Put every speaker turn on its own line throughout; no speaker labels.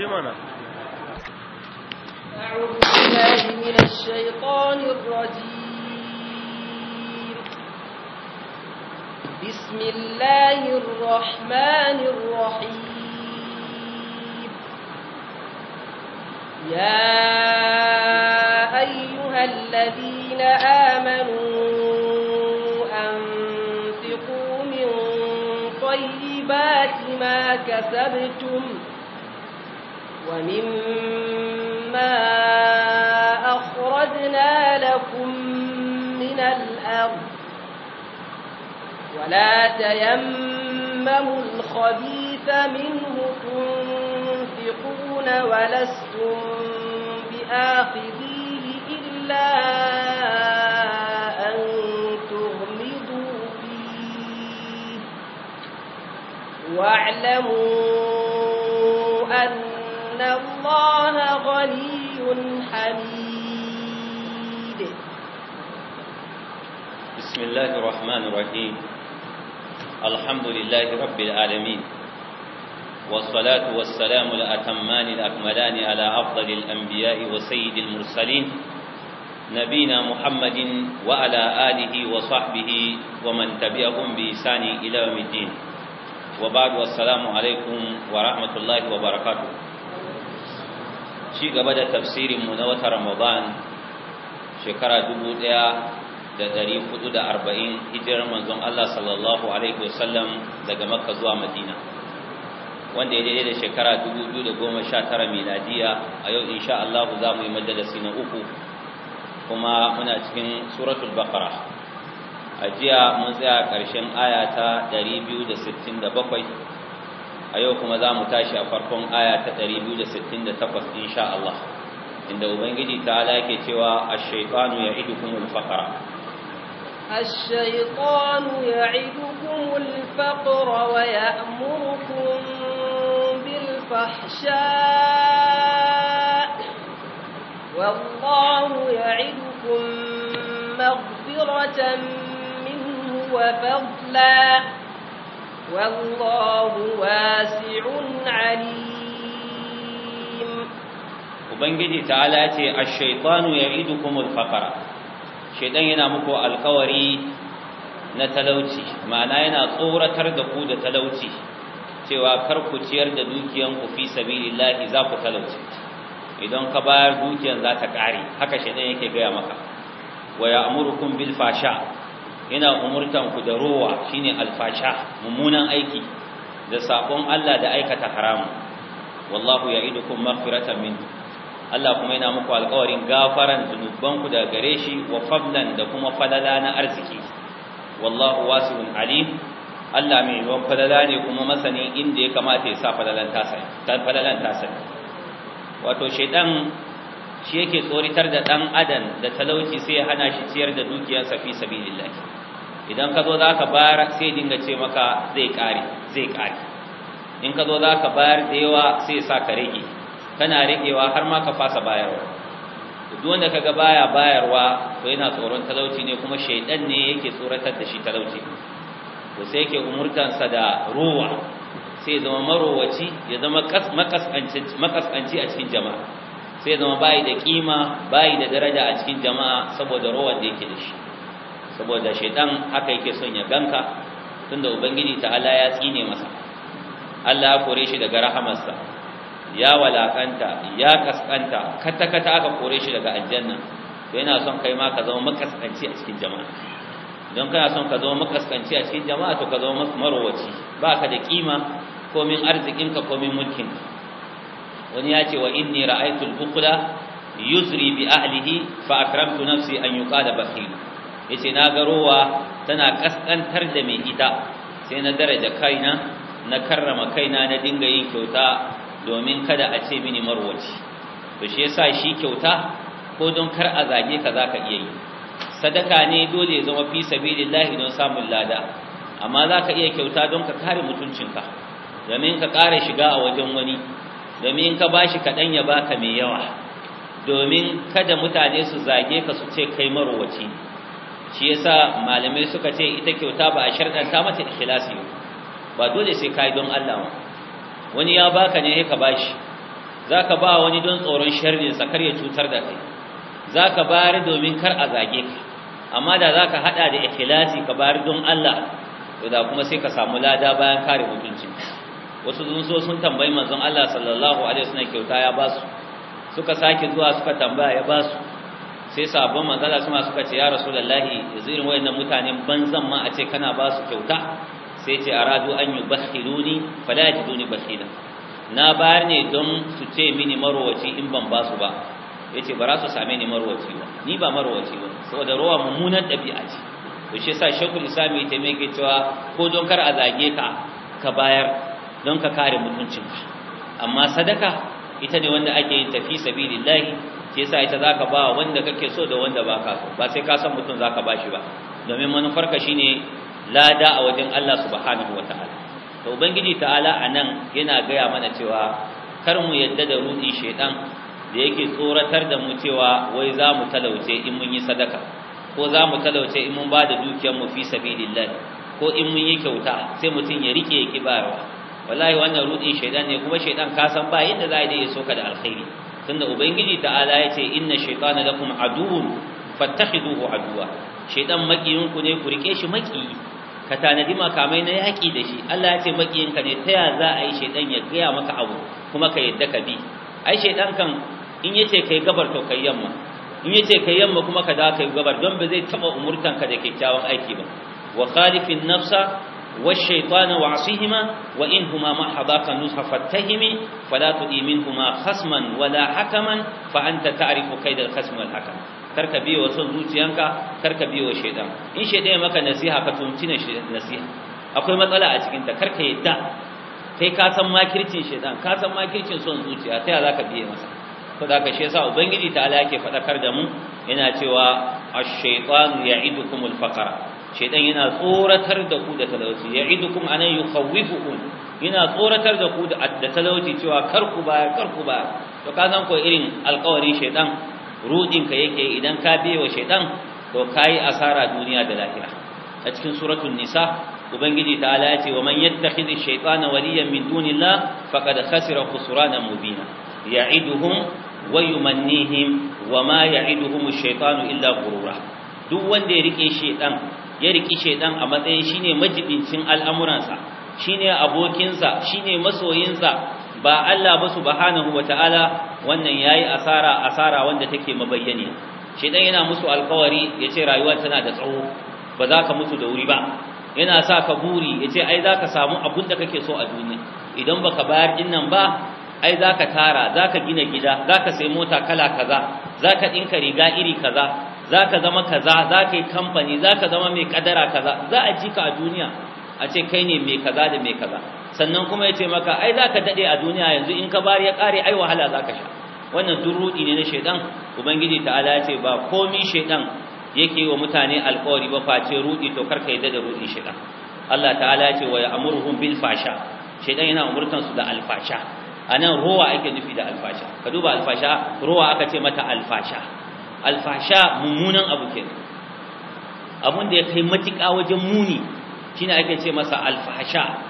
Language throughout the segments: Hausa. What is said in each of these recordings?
gimana? أعوذ بالله من الشيطان الرجيم بسم الله الرحمن الرحيم يا أيها الذين آمنوا أنفقوا من طيبات ما كسبتم ومما أخرجنا لكم من الأرض ولا تيمموا الخبيث منه تنفقون ولستم بآخذيه إلا أن تغمضوا فيه واعلموا الله غني حميد
بسم الله الرحمن الرحيم الحمد لله رب العالمين والصلاة والسلام الأتمان الأكملان على أفضل الأنبياء وسيد المرسلين نبينا محمد وعلى آله وصحبه ومن تبعهم بإحسان إلى يوم الدين وبعد والسلام عليكم ورحمة الله وبركاته ci gaba da tafsirin mu na wata Ramadan shekara 1440 hijirar manzon Allah sallallahu alaihi wasallam daga Makka zuwa Madina wanda ya daidai da shekara 2019 miladiya a yau insha Allah za mu yi majalisi na uku kuma muna cikin suratul baqara a jiya mun tsaya ƙarshen aya ta 267 a kuma za mu tashi a farkon aya ta 268 insha Allah inda ubangiji ta yake cewa ash-shaytanu ya'idukum al-faqra
ash-shaytanu ya'idukum al-faqra wa ya'murukum bil fahsha wallahu ya'idukum maghfiratan minhu wa fadlan wallahu wasi'un alim
ubangiji ta'ala ce ash-shaytanu ya'idukumul faqra shaytan yana muku alkawari na talauci ma'ana yana tsoratar da ku da talauci cewa kar ku ciyar da dukiyan ku fi sabilillahi za ku talauci idan ka bayar dukiyan za ta kare haka shaytan yake gaya maka wa ya'murukum bil fasha ina umurtan ku da rowa shine alfasha mummunan aiki da sakon Allah da aikata haramu wallahu ya'idukum maghfiratan min Allah kuma yana muku alƙawarin gafaran zunubanku da gare shi wa fadlan da kuma falala na arziki wallahu wasi'un alim Allah mai ruwan falala ne kuma masani inda ya kamata ya sa falalan tasa wato shedan shi yake tsoritar da dan adam da talauci sai ya hana shi ciyar da dukiyarsa fi sabilillah idan ka zo za ka bayar sai dinga ce maka zai ƙare zai kare in ka zo za ka bayar da yawa sai sa ka rage kana ragewa har ma ka fasa bayarwa duk wanda kaga baya bayarwa to yana tsoron talauci ne kuma shaidan ne yake tsoratar da shi talauci to sai yake umurtansa da ruwa sai zama marowaci ya zama makaskanci a cikin jama'a sai zama bayi da kima bayi da daraja a cikin jama'a saboda ruwan da yake da shi saboda shaitan haka yake son ya ganka tunda ubangiji ta'ala ya tsine masa Allah ya kore shi daga rahamarsa ya walakanta ya kaskanta kata kata aka kore shi daga aljanna to yana son kai ma ka zama makaskanci a cikin jama'a don kana son ka zama makaskanci a cikin jama'a to ka zama marowaci baka da kima komin arzikinka komin mulkin wani ya ce wa inni ra'aytul bukhla yuzri bi ahlihi fa akramtu nafsi an yuqala bakhil yace na garowa tana kaskantar da mai ita sai na daraja kaina na karrama kaina na dinga yin kyauta domin kada a ce mini marwaci to shi yasa shi kyauta ko don kar a zage ka zaka iya yi sadaka ne dole ya zama fi sabilillahi don samun lada amma zaka iya kyauta don ka kare mutuncinka domin ka kare shiga a wajen wani domin ka bashi kadan ya baka mai yawa domin kada mutane su zage ka su ce kai marwaci shi yasa malamai suka ce ita kyauta ba a sharɗanta mata ikhlasi ba dole sai kai don Allah ba wani ya baka ne ka bashi zaka ba wani don tsoron sharrin sa kar ya cutar da kai zaka bayar domin kar a zage ka amma da zaka hada da ikhlasi ka bayar don Allah to da kuma sai ka samu lada bayan kare mutunci wasu sun so sun tambayi manzon Allah sallallahu alaihi wasallam kyauta ya basu suka sake zuwa suka tambaya ya basu sai sabon manzala suna suka ce ya rasulullahi zirin wayannan ban banzan ma a ce kana ba su kyauta sai ce aradu an yi yubakhiluni fala duni bakhila na bayar ne don su ce mini marowaci in ban ba su ba ce ba za su same ni marowaci ba ni ba marowaci ba saboda rowa mummunan ɗabi'a ce to shi sa shekul Sami ya ke cewa ko don kar a zage ka ka bayar don ka kare mutuncinka amma sadaka ita ne wanda ake yin tafi lillahi shi yasa ita zaka ba wanda kake so da wanda baka so ba sai ka san mutum zaka bashi ba domin manufar ka shine lada a wajen Allah subhanahu wataala to ubangiji ta'ala anan yana gaya mana cewa kar mu yadda da rudi shedan da yake tsoratar da mu cewa wai za mu talauce in mun yi sadaka ko za mu talauce in mun ba da dukiyar mu fi sabilillah ko in mun yi kyauta sai mutum ya rike ya kibarwa wallahi wannan ruɗin shaidan ne kuma shaidan ka san ba yadda za a yi so ka da alkhairi tunda ubangiji ta'ala ya ce inna shaytana lakum aduun fattakhiduhu aduwa shaytan makiyin ku ne ku rike shi maki ka tanadi makamai na yaki da shi Allah ya ce makiyin ka ne taya za a yi shaytan ya gaya maka abu kuma ka yadda ka bi ai shaytan kan in yace kai gabar to kai yamma in yace kai yamma kuma ka da kai gabar don ba zai taba umurtan ka da kikkiawan aiki ba wa khalifin nafsa والشيطان وعصيهما وإنهما ما حضاك نزح فاتهم فلا تؤي منهما خصما ولا حكما فأنت تعرف كيد الخصم والحكم karka biyo son zuciyanka karka biyo shaidan in shaidan maka nasiha ka tunci nasiha akwai matsala a cikin ta karka yadda kai ka san makircin shaidan ka san makircin son zuciya ta za ka masa to da ka shi yasa ubangiji ta ala yake faɗakar da mu yana cewa ash-shaytanu ya'idukumul faqra shaidan yana tsoratar da ku da talauci ya'idukum anan yukhawifukum yana tsoratar da ku da talauci cewa kar ku ba kar ku ba to ka san ko irin alƙawarin shaidan rudin ka yake idan ka biye wa shaidan to kai asara duniya da lahira a cikin suratul nisa ubangiji ta'ala ya ce wa man yattakhidhi shaytana waliyan min da faqad khasira khusrana mubina ya'iduhum wa yumannihim wa ma ya'iduhum ash-shaytanu illa ghurura duk wanda ya rike shaytan ya riki shaidan a matsayin shine majibincin al'amuransa shine abokinsa shine masoyinsa ba Allah ba subhanahu wataala wannan yayi asara asara wanda take mabayyane shaidan yana musu alkawari yace rayuwa tana da tsawo ba za ka mutu da wuri ba yana sa ka buri yace ai za ka samu abun da kake so a duniya idan baka bayar din ba ai za ka tara za ka gina gida za ka sai mota kala kaza za ka ɗinka riga iri kaza za ka zama kaza za ka yi kamfani za ka zama mai kadara kaza za a ji ka a duniya a ce kai ne mai kaza da mai kaza sannan kuma ya ce maka ai za ka daɗe a duniya yanzu in ka bari ya ƙare ai wahala za ka sha wannan ruɗi ne na shaidan ubangiji ta'ala ce ba komi shaidan yake wa mutane alƙawari ba face ruɗi to ka yi da ruɗin shaidan Allah ta'ala ce wa ya'muruhum bil fasha shaidan yana umurtan su da alfasha anan ruwa ake nufi da alfasha ka duba alfasha ruwa aka ce mata alfasha alfasha mummunan abu kenan abun da ya kai matuƙa wajen muni ne ake ce masa alfasha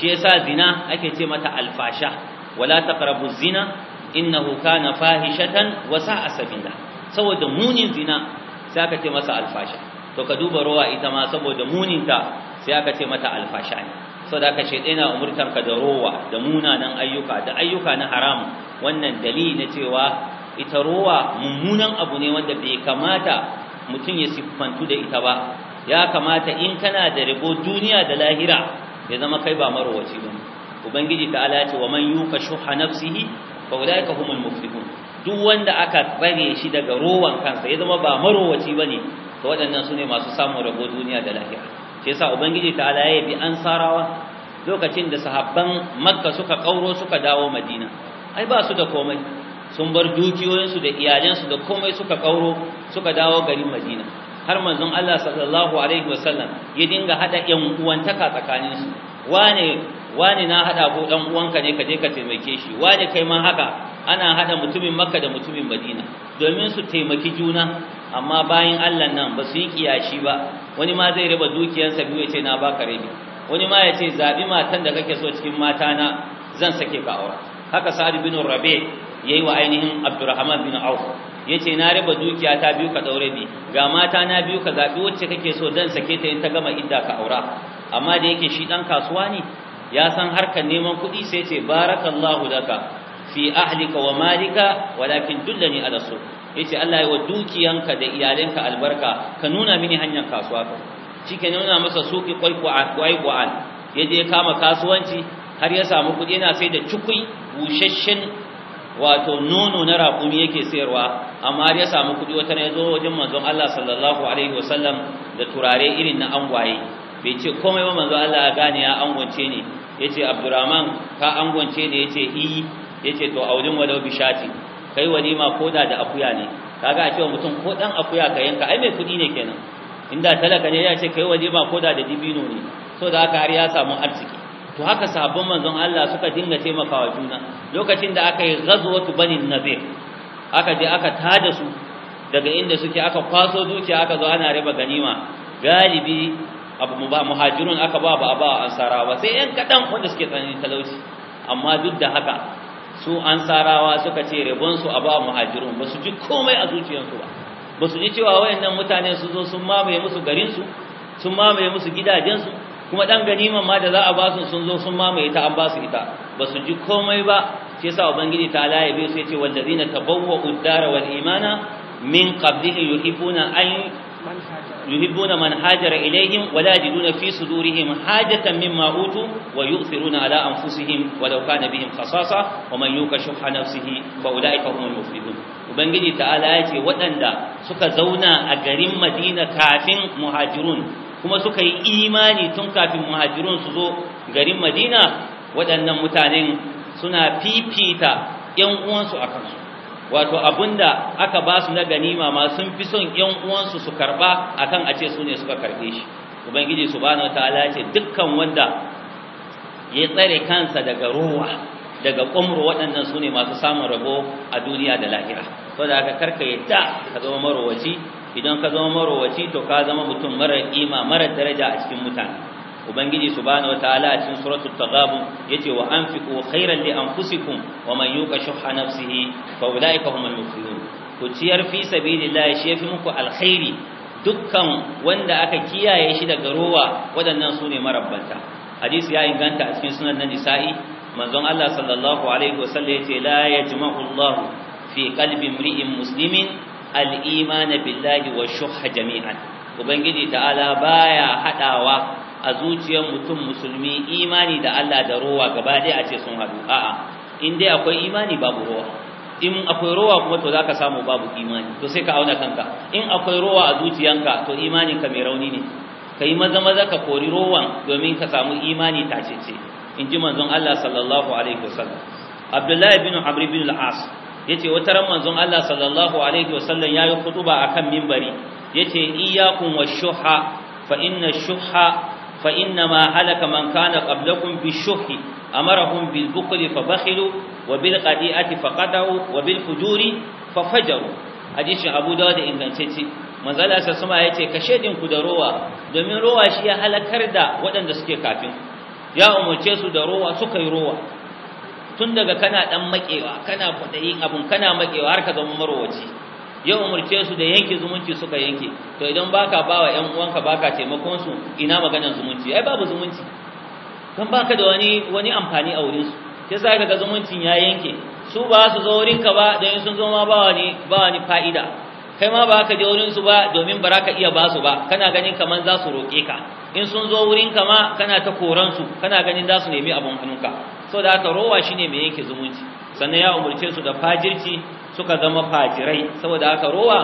shi sa zina ake ce mata alfasha wala taqrabu zina innahu huka fahishatan wasa sa'a sabila saboda munin zina sai aka ce masa alfasha to ka duba ruwa ita ma saboda muninta sai aka ce mata alfasha ne da aka ce na umurtanka da rowa da munanan ayyuka da ayyuka na haramu wannan dalili na cewa ita rowa mummunan abu ne wanda bai kamata mutum ya siffantu da ita ba ya kamata in kana da rigo duniya da lahira ya zama kai ba marowaci ba ubangiji ta ala ce wa man yuka shuha nafsihi fa ka humul muflihun duk wanda aka tsare shi daga rowan kansa ya zama ba marowaci bane to waɗannan sune masu samun rigo duniya da lahira shi yasa ubangiji ta ala ya bi ansarawa lokacin da sahabban makka suka ƙauro suka dawo madina ai ba su da komai sun bar dukiyoyinsu da iyalansu da komai suka kauro suka dawo garin madina har manzon Allah sallallahu alaihi wasallam ya dinga hada yan uwantaka tsakaninsu wane wane na hada ko dan uwanka ne ka je ka taimake shi wane kai ma haka ana hada mutumin makka da mutumin madina domin su taimaki juna amma bayan Allah nan ba su yi kiyashi ba wani ma zai raba dukiyarsa biyu ya ce na baka rabi wani ma ya ce zabi matan da kake so cikin mata na zan sake ka aura haka sa'ad bin rabi yayi wa ainihin Abdurrahman bin Auf yace na raba dukiyata biyu ka daure ni ga mata na biyu ka zabi wacce kake so dan sake ta in ta gama idda ka aura amma da yake shi dan kasuwa ne ya san harkar neman kuɗi sai ce barakallahu daka fi ahlika wa malika walakin dullani ala su yace Allah ya wa dukiyanka da iyalanka albarka ka nuna mini hanyar kasuwa ka nuna masa suki kwaikwa'an kwaikwa'an yaje kama kasuwanci har ya samu kuɗi yana sai da cukui bushashshen wato nono na raƙumi yake sayarwa amma har ya samu kuɗi wata ne zo wajen manzon Allah sallallahu alaihi wasallam da turare irin na angwaye bai ce komai ba manzon Allah ya gane ya angwance ne yace Abdurrahman ka angwance ne yace i eh. yace to aulin walau bishati kai walima koda da akuya ne kaga a cewa mutum ko dan akuya ka yanka ai mai kuɗi ne kenan inda talaka ne ya ce kai walima koda da dibino ne so da haka har ya samu arziki to haka sabon manzon Allah suka dinga taimakawa juna lokacin da aka yi ghazwatu bani nadir aka je aka tada su daga inda suke aka kwaso dukiya aka zo ana riba ganima galibi abu muba muhajirun aka ba ba ba ansarawa sai yan kadan wanda suke tsananin talauci amma duk da haka su ansarawa suka ce rabon su a ba muhajirun ba su ji komai a zuciyarsu ba ba su ji cewa wayannan mutane su zo sun mamaye musu garin su sun mamaye musu gidajensu kuma dan ganiman ma da za a basu sun zo sun mamaye ta an basu ita ba su ji komai ba shi yasa ubangiji ta ya bi sai ya ce wallazina tabawwa'u ad-dara wal imana min qablihi yuhibbuna an yuhibbuna man hajara ilayhim wa la yajiduna fi sudurihim hajatan mimma utu wa yu'thiruna ala anfusihim wa law kana bihim khasasa wa man yuka shuhha nafsihi fa ulaika humul muflihun ubangiji ta'ala ya ce waɗanda suka zauna a garin Madina kafin muhajirun kuma suka yi imani tun kafin muhajirun su zo garin madina waɗannan mutanen suna fifita ‘yan uwansu a kansu wato abinda aka ba su na ganima ma sun fi son ‘yan uwansu su karba, a kan a ce su ne suka karɓe shi ubangiji subhanahu ta'ala ce dukkan wanda ya tsare kansa daga rowa daga ƙwamro waɗannan su ne masu samun rabo a duniya da lahira saboda haka karka yadda ka zama marowaci idan ka zama marowaci to ka zama mutum mara kima marar daraja a cikin mutane ubangiji subhanahu wataala a cikin suratul ya yace wa anfiqu khairan li anfusikum wa man yuqa shuhha nafsihi fa ulaika humul muflihun ku ciyar fi sabilillah shi yafi muku alkhairi dukkan wanda aka kiyaye shi daga rowa waɗannan su ne marabbanta hadisi ya inganta a cikin sunan na nisa'i manzon Allah sallallahu alaihi wasallam yace la yajma'u Allah fi qalbi imri'in muslimin al-iman billahi wa shuhha jami'an ubangiji ta'ala baya hadawa a zuciyar mutum musulmi imani da Allah da ruwa gaba ɗaya a ce sun hadu. a'a in dai akwai imani babu ruwa, in akwai ruwa kuma to zaka samu babu imani to sai ka auna kanka in akwai ruwa a zuciyanka to imaninka mai rauni ne kai maza maza ka kori ruwan domin ka samu imani tacece in ji manzon Allah sallallahu alaihi wasallam Abdullahi bin Amr ibn al-As yace wata ran manzon Allah sallallahu alaihi wasallam kan mimbari. Ya ce yace wa washuha fa inna shuha fa inna ma halaka man kana qablakum bishuhi amarahum bil bukli fa bakhilu wa bil qadi'ati fa kadau wa bil fujuri fa fajaru hadisin Abu Dawud ingantacce manzon Allah sallallahu alaihi wasallam yace ku da rowa domin rowa shi ya halakar da waɗanda suke kafin ya umurce su da rowa suka yi rowa tun daga kana dan makewa kana kudayin abun kana makewa har ka zama marwaci ya umurce su da yanke zumunci suka yanke to idan baka bawa yan uwanka baka taimakon su ina maganar zumunci ai babu zumunci dan baka da wani wani amfani a wurin su sai kaga zumuncin ya yanke su ba su zo wurin ka ba dan sun zo ma ba wani ba wani fa'ida kai ma baka je wurin su ba domin baraka iya ba su ba kana ganin kaman za su roke ka in sun zo wurin ka ma kana ta koransu kana ganin za su nemi abun hannunka so da aka rowa shi ne mai yanke zumunci sannan ya umurce su da fajirci suka zama fajirai saboda haka rowa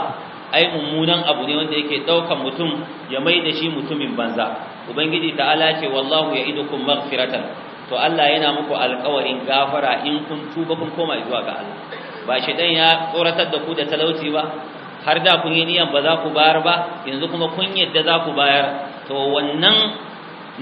ai mummunan abu ne wanda yake daukan mutum ya mai da shi mutumin banza ubangiji ta'ala ce wallahu ya ya'idukum magfiratan to Allah yana muku alƙawarin gafara in kun tuba kun koma zuwa ga Allah ba shedan ya tsoratar da ku da talauci ba har da kun yi niyan ba za ku bayar ba yanzu kuma kun yadda za ku bayar to wannan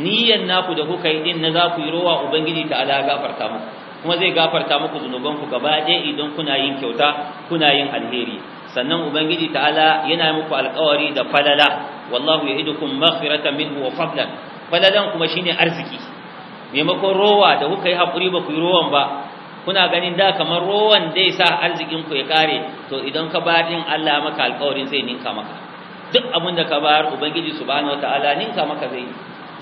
niyyar naku da kuka yi din na za ku yi rowa ubangiji ta ala gafarta muku kuma zai gafarta muku ku gaba ɗaya idan kuna yin kyauta kuna yin alheri sannan ubangiji ta'ala yana muku alƙawari da falala wallahu ya'idukum maghfiratan minhu wa fadlan falalan kuma shine arziki maimakon rowa da kuka yi hakuri ba ku yi rowan ba kuna ganin da kamar rowan zai sa arzikin ku ya kare to idan ka ba din Allah maka alƙawarin zai ninka maka duk abin da ka bayar ubangiji subhanahu wataala ninka maka zai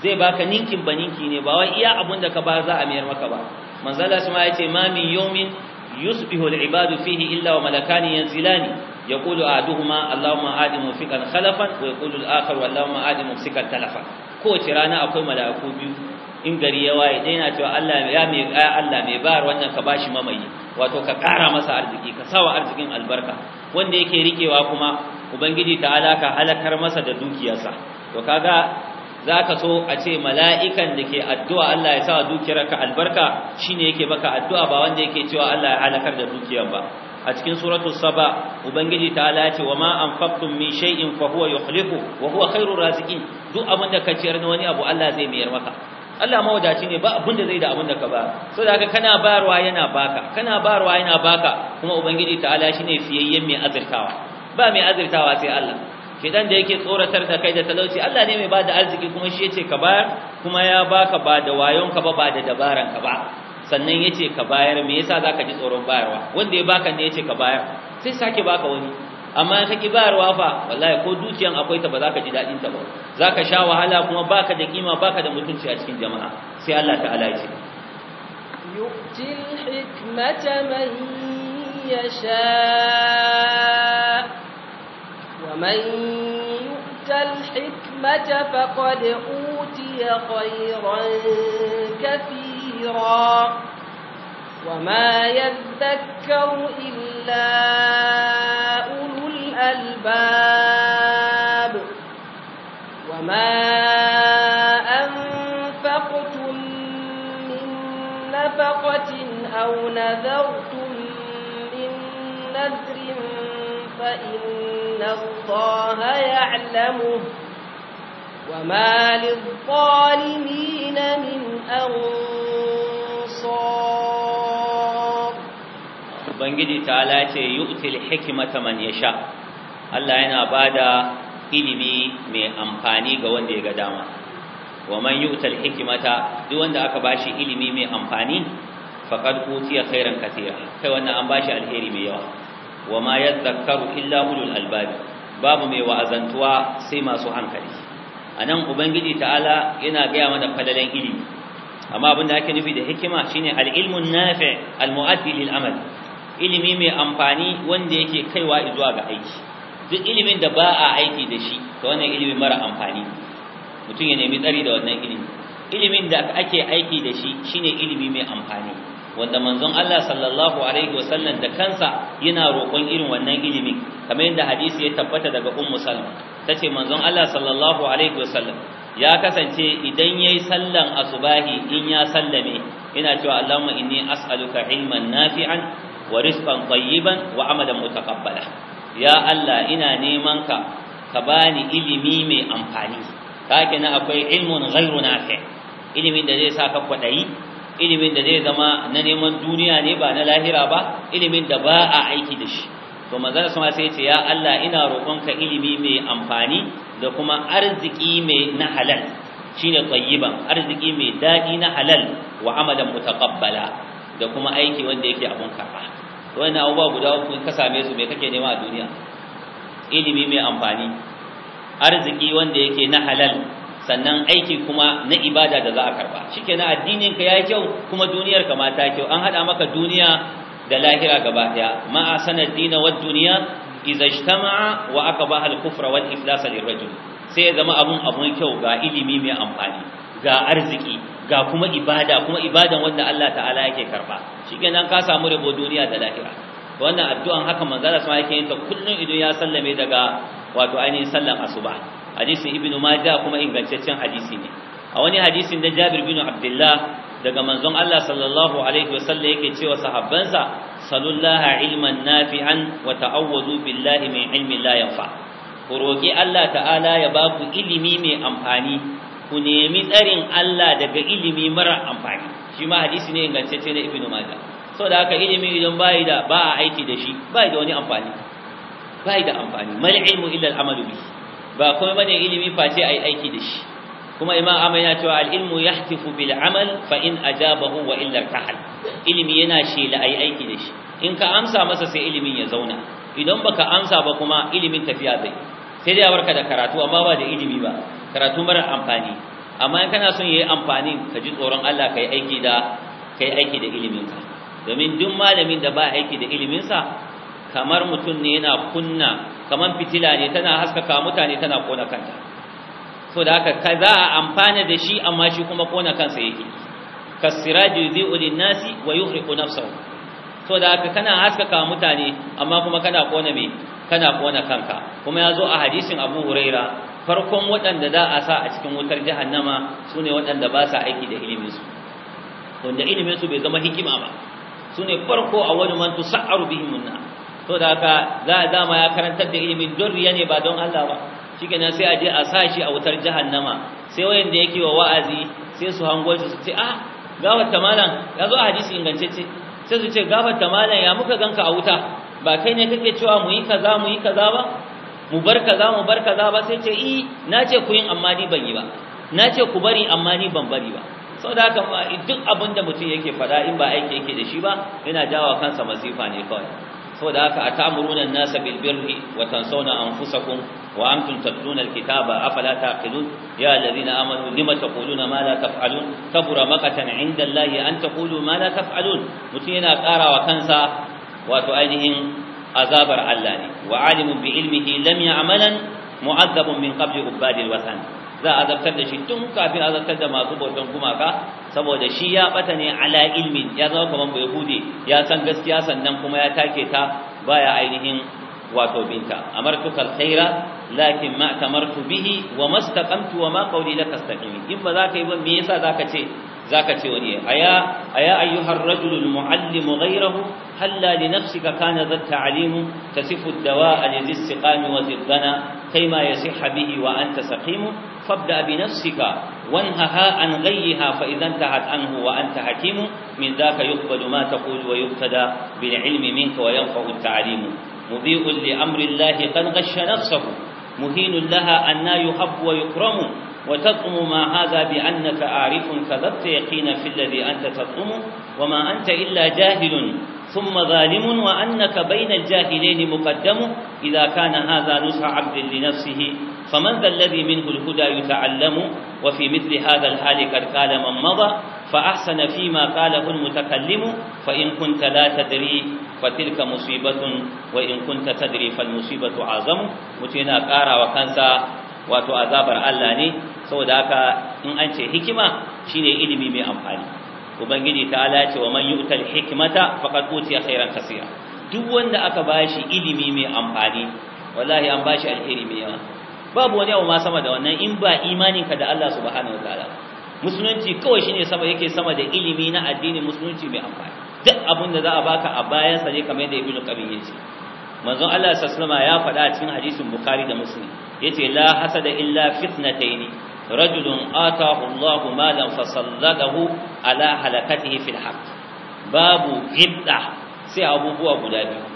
zai baka ninkin ba ninki ne ba wai iya abun da ka ba za a mayar maka ba manzala su ma yace ma min yawmin yusbihu al fihi illa wa malakani yanzilani yaqulu ahaduhuma allahumma adi mufiqan khalafan wa yaqulu al allahumma adi mumsikan talafan kowace rana akwai malaku biyu in gari ya waye dai yana cewa Allah ya mai Allah mai bayar wannan ka bashi mamayi wato ka kara masa arziki ka sawa arzikin albarka wanda yake rikewa kuma ubangiji ta ka halakar masa da dukiyarsa to kaga za ka so a ce mala'ikan da ke addu'a Allah ya sa dukiyarka albarka shi ne yake maka addu'a ba wanda yake cewa Allah ya halakar da dukiyar ba a cikin suratu saba ubangiji ta ce wa ma anfaqtum min shay'in fa huwa a wa huwa duk abin da ka ciyar wani abu Allah zai mayar maka Allah mawadaci ne ba abin da zai da abin da ka ba so da haka kana bayarwa yana baka kana bayarwa yana baka kuma ubangiji ta shi ne fiyayyen mai azurtawa ba mai azurtawa sai Allah shedan da yake tsoratar da kai da talauci Allah ne mai ba da arziki kuma shi yace ka bayar kuma ya baka ba da wayonka ba ba da dabaran ka ba sannan yace ka bayar me yasa zaka ji tsoron bayarwa wanda ya baka ne yace ka bayar sai sake baka wani amma ta ki bayarwa fa wallahi ko dukiyan akwai ta ba zaka ji dadin ta ba zaka sha wahala kuma baka da kima baka da mutunci a cikin jama'a sai Allah ta'ala ya ce
yu'til hikmata man yasha ومن يؤت الحكمة فقد أوتي خيرا كثيرا وما يذكر إلا أولو الألباب وما أنفقتم من نفقة أو نذرتم من نذر فإن ولكن الله يعلمه وما للظالمين من أنصار
بنجد تعالى يؤتي الحكمة من يشاء Allah yana ba da ilimi mai amfani ga wanda ya ga dama wa man yu'tal hikmata duk wanda aka ba shi ilimi mai amfani faqad utiya khairan katira kai wannan an ba shi alheri mai yawa wa ma yadhakkaru illa ulul albab babu mai wa'azantuwa sai masu hankali anan ubangiji ta'ala yana gaya mana falalan ilimi amma abin da ake nufi da hikima shine al-ilmun nafi' al-mu'addi lil amal ilimi mai amfani wanda yake kaiwa zuwa ga aiki duk ilimin da ba a aiki da shi to wannan ilimi mara amfani mutum ya nemi tsari da wannan ilimi ilimin da ake aiki da shi shine ilimi mai amfani wanda manzon Allah sallallahu alaihi wasallam da kansa yana roƙon irin wannan ilimin kamar yadda hadisi ya tabbata daga ummu salma tace manzon Allah sallallahu alaihi wasallam ya kasance idan yayi sallan asubahi in ya sallame ina cewa Allahumma inni as'aluka ilman nafi'an wa rizqan tayyiban wa amalan mutaqabbala ya Allah ina neman ka ka bani ilimi mai amfani kake na akwai ilmun ghairu nafi ilimin da zai sa ka kwadayi ilimin da zai zama na neman duniya ne ba na lahira ba ilimin da ba a aiki da shi to manzon sama sai ce ya Allah ina roƙonka ilimi mai amfani da kuma arziki mai na halal shine tayyiban arziki mai daɗi na halal wa amalan mutaqabbala da kuma aiki wanda yake abun karba wannan abubuwa guda uku ka same su me kake nema a duniya ilimi mai amfani arziki wanda yake na halal sannan aiki kuma na ibada da za a karba shikenan addinin ka yayi kyau kuma duniyar ka ma ta kyau an hada maka duniya da lahira gaba daya ma asanad dina wad dunya idza ijtama'a wa aqbaha al-kufra wal iflasa rajul sai ya zama abun abun kyau ga ilimi mai amfani ga arziki ga kuma ibada kuma ibadan wanda Allah ta'ala yake karba shikenan ka samu rabo duniya da lahira wannan addu'an haka manzala sama yake yin ta kullun idan ya sallame daga wato ainihin sallan asuba hadisin ibnu majah kuma ingantaccen hadisi ne a wani hadisin da jabir bin abdullah daga manzon Allah sallallahu alaihi wasallam yake cewa sahabbansa salullaha ilman nafi'an wa ta'awwazu billahi min ilmin la yanfa ku roki Allah ta'ala ya ba ku ilimi mai amfani ku nemi tsarin Allah daga ilimi mara amfani shi ma hadisi ne ingantacce na ibnu majah da haka ilimi idan bai da ba a aiki da shi bai da wani amfani bai da amfani mal ilmu illa al amalu bihi ba kuma bane ilimi face ai aiki da shi kuma imam amai yana cewa al-ilmu yahtifu bil amal fa in ajabahu wa illa tahal ilimi yana shela ai aiki da shi in ka amsa masa sai ilimin ya zauna idan baka amsa ba kuma ilimin tafiya zai sai dai barka da karatu amma ba da ilimi ba karatu mara amfani amma in kana son yayi amfani ka ji tsoron Allah kai aiki da kai aiki da ilimin ka domin duk malamin da ba aiki da ilimin sa kamar mutum ne yana kunna kamar fitila ne tana haskaka mutane tana kona kanta so da haka kaza a amfana da shi amma shi kuma kona kansa yake kasiraju zai lin-nasi wa yuhriqu nafsahu so da haka kana haskaka mutane amma kuma kana kona me kana kona kanka kuma ya zo a hadisin Abu Huraira farkon waɗanda za a sa a cikin wutar jahannama sune waɗanda ba sa aiki da iliminsu. su wanda iliminsu bai zama hikima ba sune farko a wani mantu sa'aru bihim so da haka za a dama ya karantar da ilimin durriya ne ba don Allah ba shikenan sai a je a sa shi a wutar jahannama sai wayanda yake wa wa'azi sai su hango shi su ce ah gawar malam, ya zo a hadisi ingantacce sai su ce gawar malam ya muka ganka a wuta ba kai ne kake cewa mu yi kaza mu yi kaza ba mu bar kaza mu bar kaza ba sai ce i eh, na ce ku yin amma ni ban yi ba na ce ku bari amma ni ban bari ba sau da haka duk abin da mutum yake fada in ba aiki yake da shi ba yana jawo kansa masifa ne kawai saboda haka a tamurunan nasa bil birri wa tansawna anfusakum wa antum tatluna al-kitaba afala taqilun ya alladhina amanu lima na ma la taf'alun kabura maqatan 'inda Allahi an taqulu ma la taf'alun Mutum yana karawa kansa wato ainihin azabar Allah ne wa alimun bi ilmihi lam amalan, mu'azzabun min qabli ubadil wasan za a zartar da shi tun kafin a zartar da masu bautan gumaka saboda shi ya bata ne ala ilmin ya zama kamar bai hude ya san gaskiya sannan kuma ya take ta baya ainihin wato binta kal khaira lakin ma tamartu bihi wa mastaqamtu wa ma qawli lakastaqim in ba za ka yi ba me yasa za ka ce zaka ce wani aya aya ayyuhar rajul muallim ghayrahu halla li nafsika kana dhat ta'lim tasifu ad-dawa'a lil istiqami wa dhana kayma yasihha bihi wa anta saqim fabda bi nafsika wanhaha an ghayha fa idha intahat anhu wa anta hakim min dhaka yuqbalu ma taqulu wa yuqtada bil ilmi minka wa yanfa'u at-ta'lim mudhi'un li amri allahi qad ghashsha nafsahu muhinun laha an la yuhab wa yukramu وتطم ما هذا بأنك أعرف كذبت يقينا في الذي أنت تطم وما أنت إلا جاهل ثم ظالم وأنك بين الجاهلين مقدم إذا كان هذا نصح عبد لنفسه فمن ذا الذي منه الهدى يتعلم وفي مثل هذا الحال قد قال من مضى فأحسن فيما قاله المتكلم فإن كنت لا تدري فتلك مصيبة وإن كنت تدري فالمصيبة عظم متنا قارا وكنسا wato azabar Allah ne saboda haka in an ce hikima shine ilimi mai amfani ubangiji ta ala ce wa man yu'tal hikmata faqad utiya khairan kaseera duk wanda aka bashi ilimi mai amfani wallahi an bashi alheri mai yawa babu wani abu ma sama da wannan in ba imaninka da Allah subhanahu wataala musulunci kawai shine sama yake sama da ilimi na addinin musulunci mai amfani duk abin da za a baka a bayan sa ne kamar yadda ibnu qabil ya manzon Allah sallallahu alaihi ya faɗa cikin hadisin bukari da muslim yace la hasada illa fitnatayn rajulun atahu Allahu malan fasalladahu ala halakatihi fil haqq babu ghibda sai abubuwa guda biyu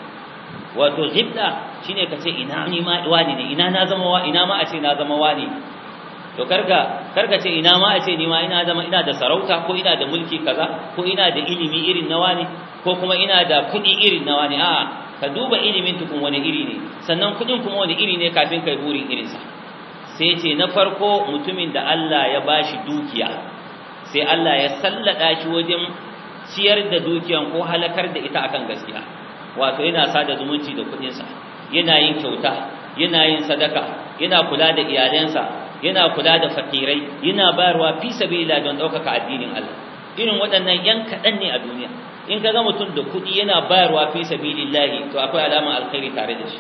wato ghibda shine kace ina ni ma wani ne ina na zama wa ina ma a ce na zama wani to karka karka ce ina ma a ce ni ma ina zama ina da sarauta ko ina da mulki kaza ko ina da ilimi irin na wani ko kuma ina da kuɗi irin na wani a'a ka duba ilimin tukun wani iri ne sannan kudin kuma wani iri ne kafin kai burin irinsa sai ce na farko mutumin da Allah ya bashi dukiya sai Allah ya sallada shi wajen ciyar da dukiyan ko halakar da ita akan gaskiya wato yana sada zumunci da kudinsa yana yin kyauta yana yin sadaka yana kula da iyalansa yana kula da fakirai yana bayarwa fi sabilillah don ɗaukaka addinin Allah irin waɗannan yan kaɗan ne a duniya in ka ga mutum da kuɗi yana bayarwa fi sabilillahi to akwai alama alkhairi tare da shi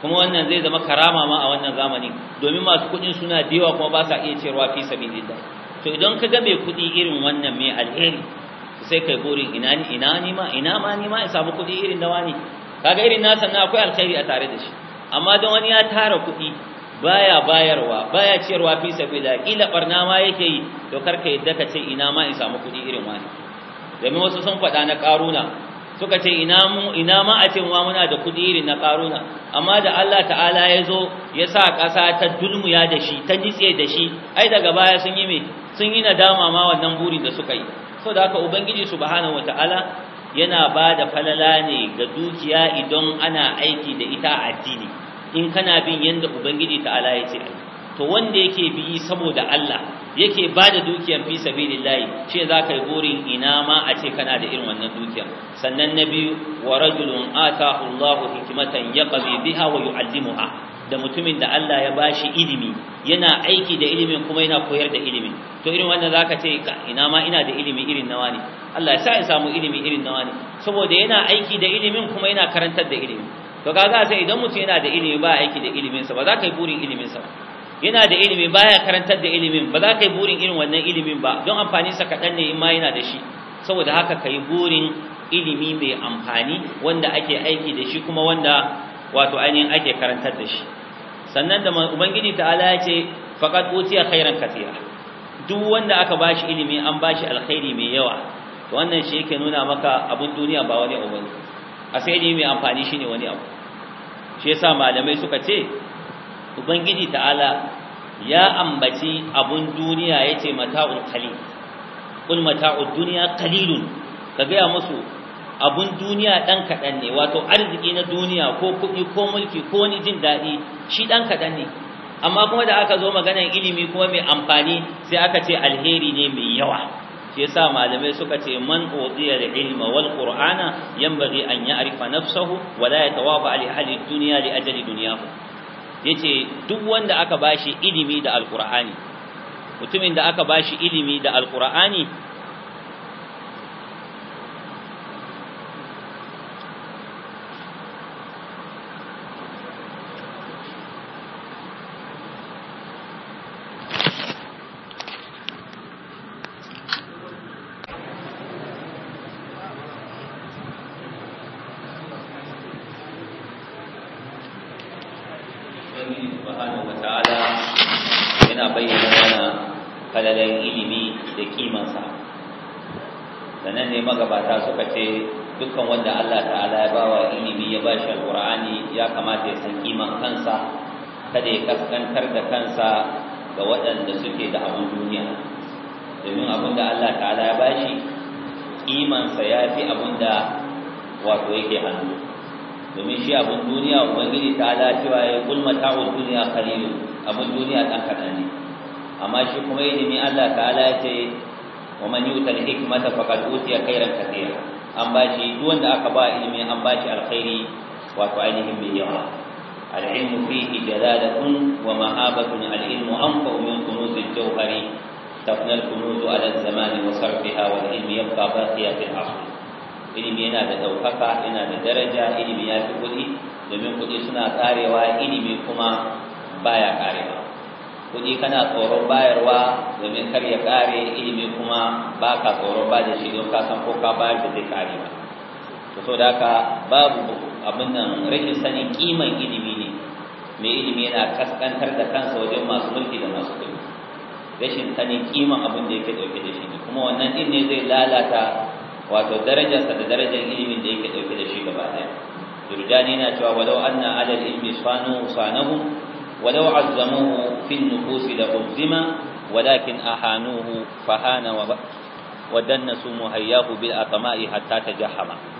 kuma wannan zai zama karama ma a wannan zamani domin masu kuɗin suna da yawa kuma ba sa iya cewa fi sabilillahi to idan ka ga mai kuɗi irin wannan mai alheri sai kai burin ina ni ina ni ma ina ma ni ma in samu kuɗi irin da wani kaga irin nasa na akwai alkhairi a tare da shi amma don wani ya tara kuɗi baya bayarwa baya ciyarwa fi sabila kila barna ma yake yi to karka yadda ka ce ina ma in samu kuɗi irin wani domin wasu sun faɗa na karuna suka ce ina ma a ce wa muna da kuɗi irin na karuna amma da Allah ta'ala ya zo ya sa ƙasa ta dulmuya da shi ta nitse da shi ai daga baya sun yi me sun yi nadama ma wannan burin da suka yi saboda haka ubangiji subhanahu wataala yana ba da falala ne ga dukiya idan ana aiki da ita a addini in kana bin yanda ubangiji ta'ala ya ce to wanda yake bi saboda Allah yake bada dukiyar fi sabilillahi ce za ka yi burin ina ma a ce kana da irin wannan dukiyar sannan na biyu wa rajulun ata Allahu hikmatan yaqdi biha wa yu'allimuha da mutumin da Allah ya bashi ilimi yana aiki da ilimin kuma yana koyar da ilimin to irin wannan zaka ce ina ma ina da ilimi irin nawa ne Allah ya sa in samu ilimi irin nawa ne saboda yana aiki da ilimin kuma yana karantar da ilimi. to kaga sai idan mutum yana da ilimi ba aiki da ilimin sa ba za ka yi burin ilimin sa yana da ilimi ba ya karantar da ilimin ba za ka yi burin irin wannan ilimin ba don amfanin sa kaɗan ne in ma yana da shi saboda haka ka yi burin ilimi mai amfani wanda ake aiki da shi kuma wanda wato ainihin ake karantar da shi sannan da ubangiji ta'ala ya ce faqad utiya khairan katira duk wanda aka ba bashi ilimi an bashi alkhairi mai yawa to wannan shi yake nuna maka abun duniya ba wani abu ne. a sai ne mai amfani shi ne wani abu shi sa malamai suka ce ubangiji ta'ala ya ambaci abun duniya yace mata'ul kalil kun mata'ul duniya kalilun ka gaya musu abun duniya ɗan kaɗan ne wato arziki na duniya ko kuɗi ko mulki ko wani jin daɗi shi dan kaɗan ne amma kuma da aka zo maganar ilimi kuma mai amfani sai aka ce alheri ne mai yawa shi yasa malamai suka ce man udiya al-ilma wal qur'ana yanbaghi an ya'rifa nafsahu wa la yatawafa ali hali dunya li ajali duniya. yace duk wanda aka bashi ilimi da alqur'ani mutumin da aka bashi ilimi da alqur'ani sauka ga waɗanda suke da abin duniya domin abin da Allah ta'ala ya bashi imansa ya fi abin da wato yake hannu domin shi abin duniya ubangiji ta'ala cewa ya kulma ta'ul duniya qalilun abin duniya dan kaɗan ne amma shi kuma ilimi Allah ta'ala ya ce wa man yuta al-hikmata faqad utiya khairan katira an bashi duk wanda aka ba ilimi an bashi alkhairi wato ainihin miliyan العلم فيه جلالة ومهابة العلم أنفع من كنوز الجوهر تفنى الكنوز على الزمان وصرفها والعلم يبقى باقيا في العصر ilimi yana da ɗaukaka yana da daraja ilimi ya fi kuɗi domin kuɗi suna ƙarewa ilimi kuma baya ƙarewa kuɗi kana tsoron bayarwa domin kar ya ƙare ilimi kuma ba ka tsoron ba da shi don ka san ko ka bayar da zai ƙare ba to so da haka babu abin nan rashin sani kiman ilimi ne mai ilimi yana kaskantar da kansa wajen masu mulki da masu kuɗi rashin sani kiman abin da yake dauke da shi ne kuma wannan din ne zai lalata wato darajarsa da darajar ilimin da yake dauke da shi gaba ɗaya durjani yana cewa walau anna alal ilmi sanu sanahu walau azzamuhu fi nufusi da fahana ولكن أهانوه فهان ودنسوا مهياه بالأطماء حتى تجحما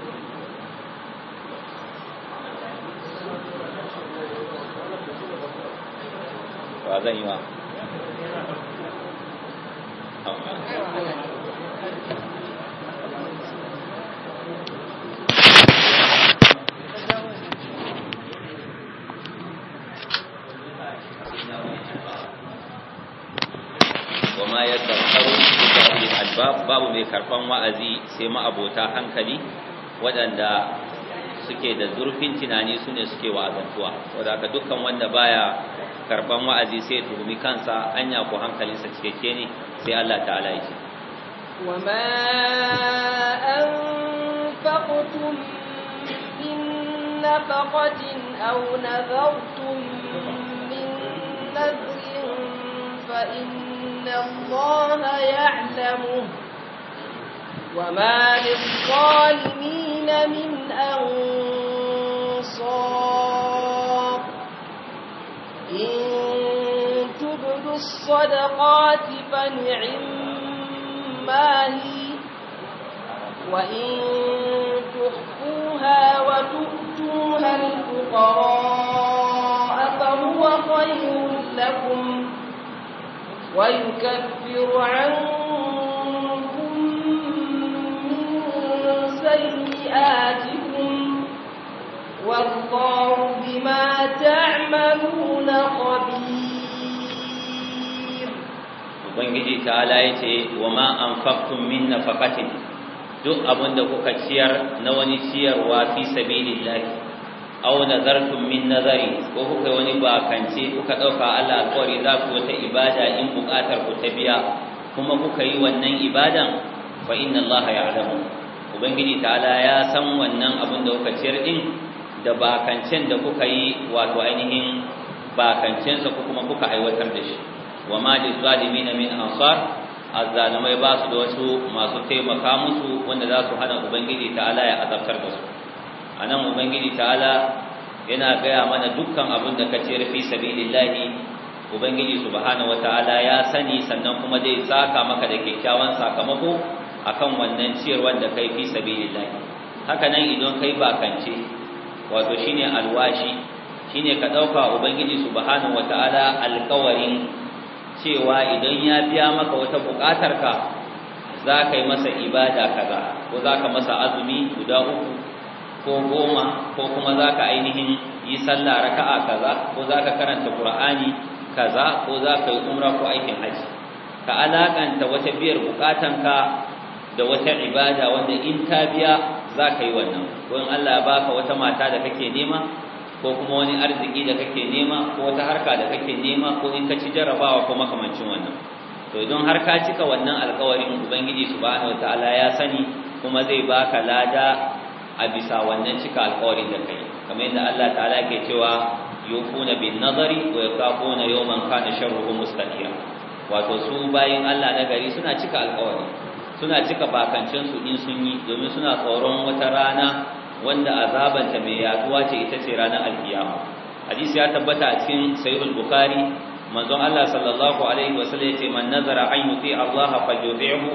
Ba zan yi wa وما يتذكر إلا Babu mai karfan wa'azi sai ma'abota hankali waɗanda suke da zurfin tunani su ne suke wa'azantuwa wadaka dukkan wanda baya karban wa'azi sai tuhumi kansa anya ko hankalinsa cikakke ne sai Allah ta'ala yake
wa ma anfaqtum min nafaqatin aw nadhartum min nadrin fa inna Allah وما للظالمين من أنصار الأبصار إن تبدوا الصدقات فنعما هي وإن تخفوها وتؤتوها الفقراء فهو خير لكم ويكفر عنكم من سيئات والله بما تعملون خبير
ubangiji ta'ala yace wa ma anfaqtum min nafaqatin duk abinda kuka ciyar na wani ciyarwa fi sabilillahi aw nazartum min nazari ko kuka wani bakance kuka dauka Allah alƙawari za ku wata ibada in buƙatar ku ta biya kuma kuka yi wannan ibadan fa inna Allah ya'lamu ubangiji ta'ala ya san wannan abin da kuka ciyar din da bakancen da kuka yi wato ainihin bakancensa ko kuma kuka aiwatar da shi wa ma li zalimin min ansar azzalimai ba su da wasu masu taimaka musu wanda za su hana ubangiji ta'ala ya azabtar da su anan ubangiji ta'ala yana gaya mana dukkan abin da kace rafi sabilillahi ubangiji subhanahu wataala ya sani sannan kuma zai saka maka da kyakkyawan sakamako akan wannan ciyarwar da kai fi sabilillahi haka nan idan kai bakance wato shine alwashi shine ka dauka ubangiji subhanahu wataala alqawarin cewa idan ya biya maka wata bukatar ka za ka yi masa ibada kaza ko za ka masa azumi guda uku ko goma ko kuma za ka ainihin yi sallah raka'a kaza ko za ka karanta qur'ani kaza ko za ka yi umra ko aikin haji ka alakanta wata biyar bukatanka da wata ibada wanda in ta biya za ka yi wannan ko in Allah ya baka wata mata da kake nema ko kuma wani arziki da kake nema ko wata harka da kake nema ko in ka ci jarabawa ko makamancin wannan to idan har ka cika wannan alƙawarin ubangiji subhanahu wataala ya sani kuma zai baka lada a bisa wannan cika alƙawarin da kai kamar yadda Allah ta'ala ke cewa yuquna bin nazari wa yaqafuna yawman kana sharruhu mustatira wato su bayin Allah na gari suna cika alƙawari suna cika bakancin su in sun yi domin suna tsoron wata rana wanda azabanta mai yaduwa ce ita ce ranar alkiyama hadisi ya tabbata a cikin sahihul bukhari manzon Allah sallallahu alaihi wasallam yace man nazara an yuti Allah fa yuti'hu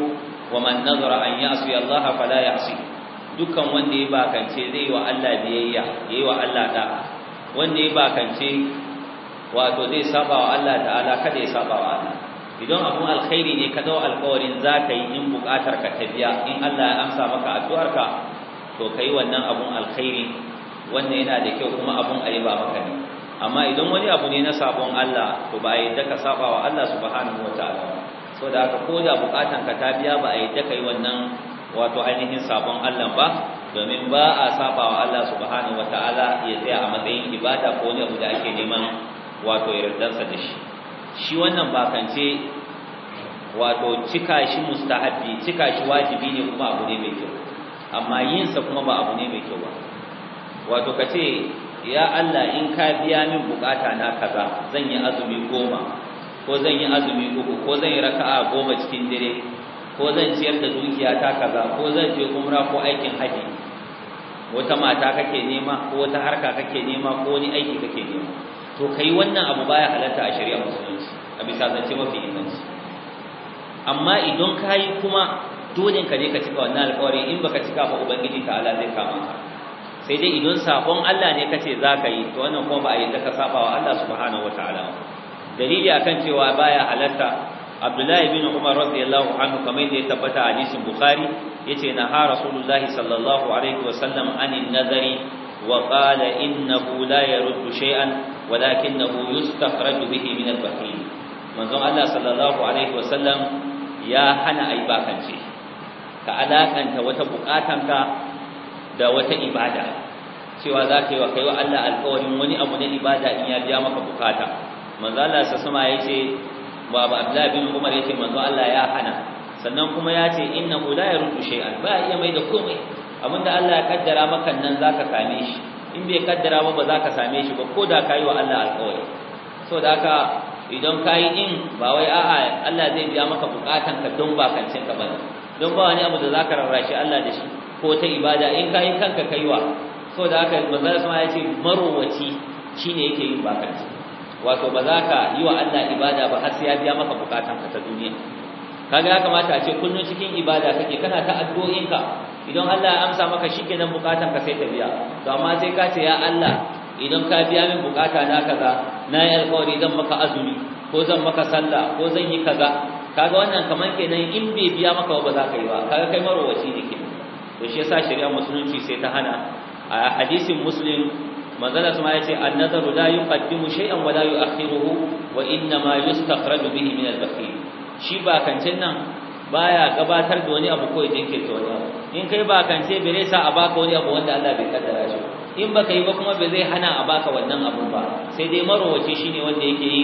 wa man nazara an ya'si Allah fa la ya'si dukkan wanda ya bakance zai wa Allah biyayya yayi wa Allah da wanda ya bakance wato zai saba wa Allah ta'ala kada ya saba wa Allah idan abun alkhairi ne ka dau alƙawarin za ka yi in buƙatar ka ta biya in Allah ya amsa maka addu'arka to kai wannan abun alkhairi wannan yana da kyau kuma abun a maka ne amma idan wani abu ne na sabon Allah to ba a yadda ka saba wa Allah subhanahu so da haka ko da ka ta biya ba a daka yi wannan wato ainihin sabon Allah ba domin ba a saba wa Allah subhanahu ya tsaya a matsayin ibada ko wani abu da ake neman wato yardansa da shi shi wannan bakance wato cika shi mustahabbi cika shi wajibi ne kuma abu ne mai kyau amma yinsa kuma ba abu ne mai kyau ba wato kace ya Allah in ka biya min bukata na kaza zan yi azumi goma ko zan yi azumi uku ko zan yi raka'a goma cikin dare ko zan ciyar da dukiya ta kaza ko zan je umra ko aikin haji wata mata kake nema ko wata harka kake nema ko wani aiki kake nema to kai wannan abu baya halatta a shari'a musulunci a bisa zance mafi inganci amma idan kayi kuma dole ka ne ka cika wannan alƙawari in baka cika ba ubangiji ta Allah zai kama ka sai dai idan sabon Allah ne kace za ka yi to wannan kuma ba a yi da ka saba wa Allah subhanahu wataala dalili akan cewa baya halatta Abdullahi bin Umar radiyallahu anhu kamar da ya tabbata a hadisin Bukhari yace na ha Rasulullahi sallallahu alaihi wasallam anin nazari wa qala innahu la yaruddu shay'an ولكنه يستخرج به من البخيل manzon Allah sallallahu alaihi wasallam ya hana ai bakance ka alakanta wata bukatanka da wata ibada cewa za ka yi wa kai wa Allah alƙawarin wani abu na ibada in ya biya maka bukata manzo Allah sa sama yace babu Abdullahi bin Umar yace manzo Allah ya hana sannan kuma ya yace innahu la yaruddu shay'an ba iya mai da komai abinda Allah ya kaddara maka nan zaka same shi in bai kaddara ba ba za ka same shi ba ko da ka yi wa Allah alƙawari so da haka idan ka yi in ba wai a'a Allah zai biya maka bukatan ka don ba kancin ka ba don ba wani abu da za ka rarrashi Allah da shi ko ta ibada in ka yi kanka kai wa so da haka manzon sama ya ce marowaci shine yake yin bakanci wato ba za ka yi wa Allah ibada ba har sai ya biya maka bukatan ka ta duniya kaga ya kamata a ce kullun cikin ibada kake kana ta addu'o'inka idan Allah ya amsa maka shikenan bukatan ka sai ta biya to amma sai ka ce ya Allah idan ka biya min bukata na kaza na yi alƙawari zan maka azumi ko zan maka sallah ko zan yi kaza kaga wannan kaman kenan in bai biya maka ba za ka yi ba kaga kai marowaci ne ke to shi yasa shari'a musulunci sai ta hana a hadisin muslim manzala kuma ya ce annazaru la yuqaddimu shay'an wa la yu'akhiruhu wa inna ma yustakhraju bihi min al-bakhil shi ba kancin nan baya gabatar da wani abu ko jinkirta wani abu in kai ba kance bare sa a baka wani abu wanda Allah bai kaddara shi in baka yi ba kuma bai zai hana a baka wannan abu ba sai dai marwaci shine wanda yake yi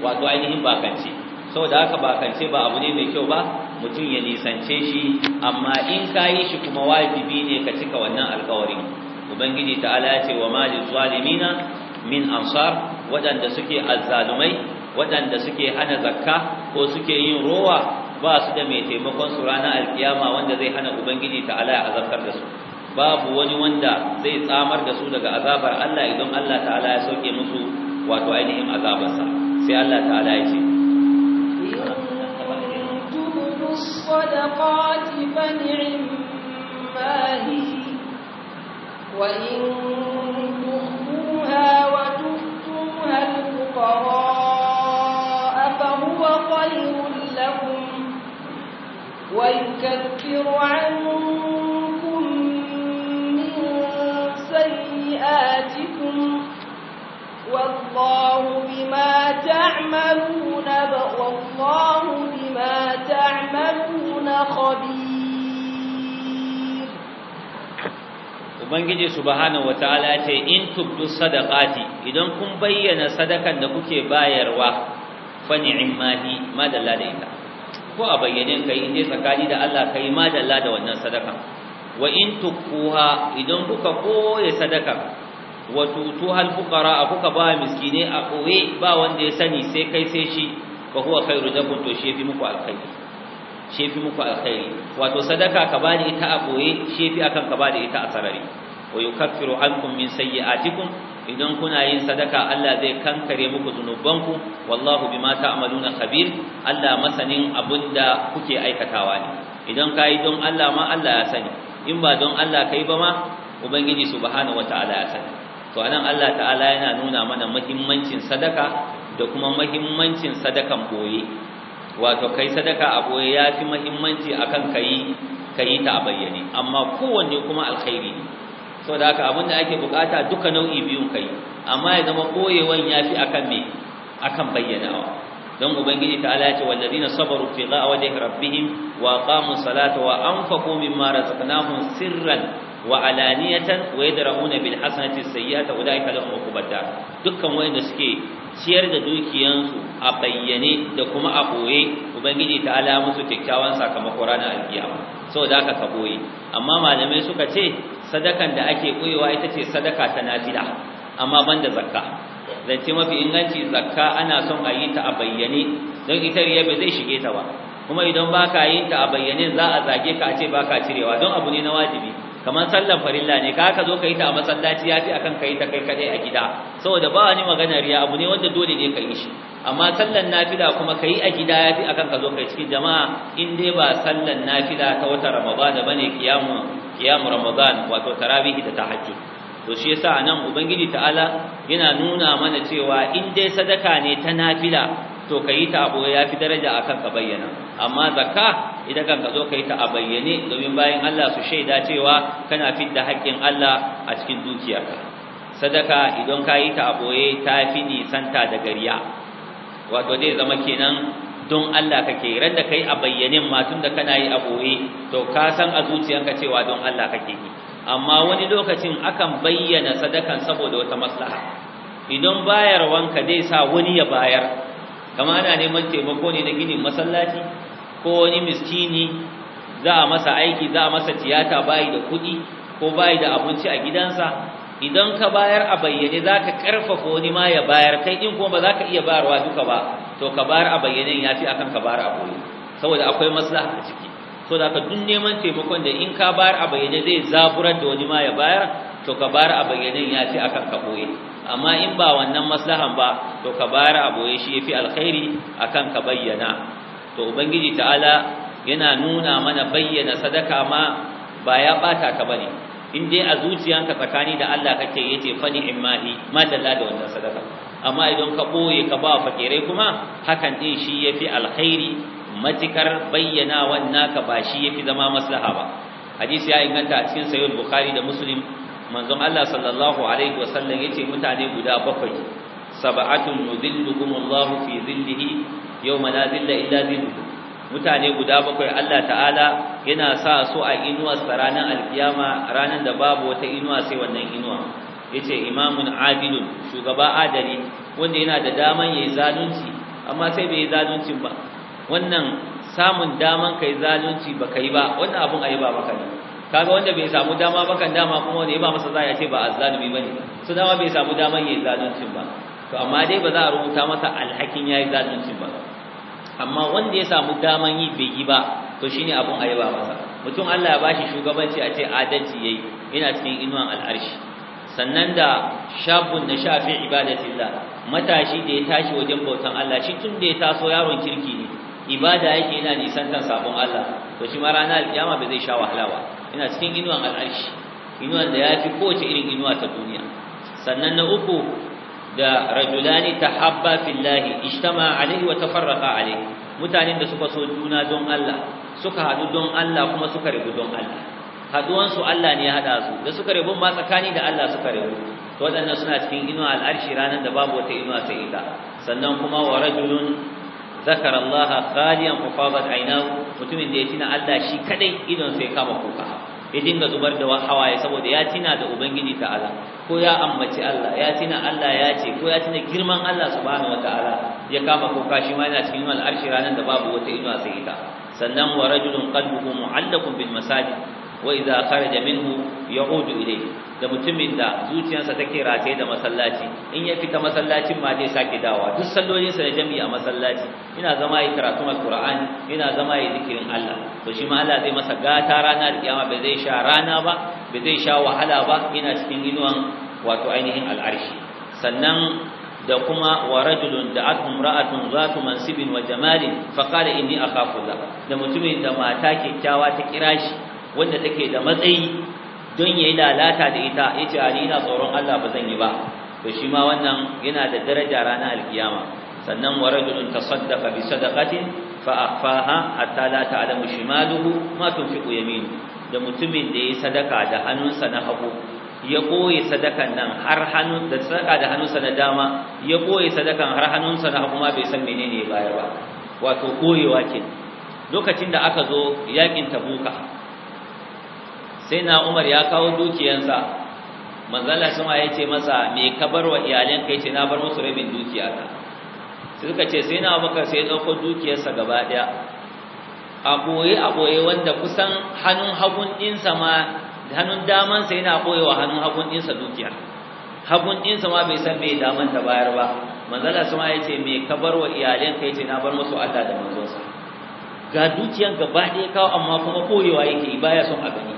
wato ainihin ba kance saboda haka ba kance ba abu ne mai kyau ba mutum ya nisance shi amma in ka yi shi kuma wajibi ne ka cika wannan alkawarin ubangiji ta'ala ya ce wa malil zalimina min ansar waɗanda suke azzalumai waɗanda suke hana zakka ko suke yin rowa ba su da mai taimakon su ranar alkiyama wanda zai hana ubangiji ta'ala ya azabtar da su babu wani wanda zai tsamar da su daga azabar Allah idan Allah ta'ala ya sauke musu wato ainihin azabarsa sai Allah ta'ala ya ce
وإن تخفوها وتؤتوها الفقراء ويكفر عنكم من سيئاتكم والله بما تعملون والله بما تعملون خبير
ubangiji subhanahu wataala ya ce in tubdu sadaqati idan kun bayyana sadakan da kuke bayarwa fa ni'mahi madalla da ita ko a bayyane kai inda tsakani da Allah kai ma da Allah da wannan sadaka wa in tukuha idan kuka koye sadaka wa tutuha al-fuqara kuka ba miskine a koye ba wanda ya sani sai kai sai shi fa huwa khairu lakum to shi fi muku alkhairi shi fi muku alkhairi wato sadaka ka ba ita a koye shi fi akan ka ba ita a sarari wa yukaffiru ankum min sayyi'atikum idan kuna yin sadaka Allah zai kankare muku zunubanku wallahu bima ta'maluna khabir Allah masanin abinda kuke aikatawa ne idan kai don Allah ma Allah ya sani in ba don Allah kai ba ma ubangiji subhanahu wataala ya sani to anan Allah ta'ala yana nuna mana muhimmancin sadaka da kuma muhimmancin sadakan boye wato kai sadaka a boye yafi muhimmanci akan kai kai ta bayyane amma kowanne kuma alkhairi ne saboda haka abin da ake bukata duka nau'i biyun kai amma ya zama koyewan yafi akan me akan bayyanawa don ubangiji ta ala ce wallazina sabaru fi ghawati rabbihim wa aqamu salata wa anfaqu mimma razaqnahum sirran wa alaniyatan wa yadra'una bil hasanati sayyi'ata ulaika lahum uqubata dukkan wanda suke ciyar da dukiyansu a bayyane da kuma a boye ubangiji ta ala musu kyakkyawan sakamako ranar alkiyama saboda haka ka boye amma malamai suka ce sadakan da ake koyewa ita ce sadaka ta nafila amma banda zakka zance mafi inganci zakka ana son a yi ta a bayyane don ita riya ba zai shige ta ba kuma idan ba ka yin ta a bayyane za a zage ka a ce ba ka cirewa don abu ne na wajibi kamar sallar farilla ne ka ka zo ka yi ta a masallaci yafi akan ka yi ta kai kadai a gida saboda ba wani magana riya abu ne wanda dole ne ka yi shi amma sallar nafila kuma ka yi a gida yafi akan ka zo ka yi cikin jama'a in dai ba sallar nafila ta wata ramadana bane kiyamu kiyamu ramadan wato tarawih da tahajji to shi yasa nan ubangiji ta'ala yana nuna mana cewa in dai sadaka ne ta nafila to ka yi ta abu yafi daraja akan ka bayyana amma zakka idan kan zo ka ta a bayyane domin bayan Allah su shaida cewa kana fidda haƙƙin Allah a cikin dukiyarka sadaka idan ka yi ta a boye ta fi nisanta da gariya wato zai zama kenan don Allah kake ran da kai a bayyane ma tun da kana yi a boye to ka san a zuciyanka cewa don Allah kake yi amma wani lokacin akan bayyana sadakan saboda wata maslaha idan bayarwanka zai sa wani ya bayar kama ana neman taimako ne na ginin masallaci ko wani miskini za a masa aiki za a masa tiyata bayi da kuɗi ko bayi da abinci a gidansa idan ka bayar a bayyane za ka ƙarfafa wani ma ya bayar kai in kuma ba za ka iya bayarwa duka ba to ka bayar a bayyane ya fi akan ka bayar a boye saboda akwai maslaha a ciki so da ka duk neman taimakon da in ka bayar a bayyane zai zaburar da wani ma ya bayar to ka bayar a bayyane ya fi akan ka boye amma in ba wannan maslahan ba to ka bara a shi fi alkhairi akan ka bayyana to ubangiji ta'ala yana nuna mana bayyana sadaka ma ba ya bata ka bane in dai a zuciyanka tsakani da Allah kake yace fani immahi ma dalla da wannan sadaka amma idan ka boye ka ba fakirai kuma hakan din shi yafi alkhairi matikar bayyana wannan ka ba shi yafi zama maslaha ba hadisi ya inganta a cikin sahih bukhari da muslim manzon Allah sallallahu alaihi wasallam yace mutane guda bakwai sab'atun Allah fi dhillihi yawma la dhilla illa dhilluhu mutane guda bakwai Allah ta'ala yana sa su a inuwa ranar alkiyama ranar da babu wata inuwa sai wannan inuwa yace imamun adilun shugaba adali wanda yana da daman yayi zalunci amma sai bai yi zaluncin ba wannan samun daman kai zalunci baka yi ba wannan abun ayi ba baka ne kaga wanda bai samu dama ba kan dama kuma wanda ya ba masa zaya ce ba azzalumi bane su dama bai samu daman yayi zaluncin ba to amma dai ba za a rubuta masa alhakin yayi zaluncin ba amma wanda ya samu daman yi bai yi ba to shine abun a yaba masa mutum Allah ya bashi shugabanci a ce adalci yayi Ina cikin inuwan al'arshi sannan da shabun na shafi ibadatillah matashi da ya tashi wajen bautan Allah shi tun da ya taso yaron kirki ne ibada yake yana nisantar sabon Allah to shi ma ranar alkiyama bai zai sha wahala ba Ina cikin inuwan al'arshi inuwan da ya fi kowace irin inuwa ta duniya sannan na uku da rajulani tahabba fillahi Ishtama, alaihi wa tafarraqa alaihi mutanen da suka so juna don Allah suka hadu don Allah kuma suka rabu don Allah haduwan su Allah ne ya hada su da suka rabu ma tsakani da Allah suka rabu to wadannan suna cikin inuwa al'arshi ranan da babu wata inuwa sai ita sannan kuma wa rajulun zakara Allah khaliyan fafadat ainahu mutumin da ya tina Allah shi kadai idon sai kama kuka ya dinga zubar da hawaye saboda ya tina da ubangiji ta'ala ko ya ambaci Allah ya tina Allah ya ce ko ya tina girman Allah subhanahu wataala ya kama kuka shi ma yana cikin al'arshi ranar da babu wata inuwa sai ita sannan wa rajulun qalbuhu mu'allaqun bil masajid Wai idza da minhu ya'udu ilayhi da mutumin da zuciyarsa take rataye da masallaci in ya fita masallacin ma zai sake dawa duk sallolinsa da jami'i a masallaci ina zama yi karatu alqur'ani ina zama yi zikirin Allah to shi ma Allah zai masa gata ranar kiyama bai zai sha rana ba bai zai sha wahala ba ina cikin inuwan wato ainihin al'arshi sannan da kuma wa rajulun da akum ra'atun zatu mansibin wa jamalin fa qala inni akhafu da mutumin da mata kikkiawa ta kira shi wanda take da matsayi don yayi lalata da ita yace ali ina tsoron Allah ba zan yi ba to shi ma wannan yana da daraja ranar alkiyama sannan wa rajulun tasaddaqa bi sadaqatin fa akhfaha hatta la ta'lamu shimaluhu ma tunfiqu yaminu da mutumin da ya sadaka da hannunsa na hagu ya koyi sadakan nan har hannu da sadaka da hannunsa na dama ya koyi sadakan har hannunsa na hagu ma bai san menene ya bayar ba wato koyewa ke lokacin da aka zo yakin tabuka sai na umar ya kawo dukiyansa manzala sun ya ce masa me ka bar wa iyalin kai ce na bar musu rabin dukiya ta sai suka ce sai na abubakar sai ɗauko dukiyarsa gaba ɗaya a ɓoye a ɓoye wanda kusan hannun hagun ɗinsa ma hannun damansa yana ɓoye wa hannun hagun ɗinsa dukiya hagun ɗinsa ma bai san me daman ta bayar ba manzala sun ya ce me ka bar wa iyalin kai ce na bar musu Allah da manzonsa ga dukiyan gaba ɗaya kawo amma kuma ɓoyewa yake baya son a gani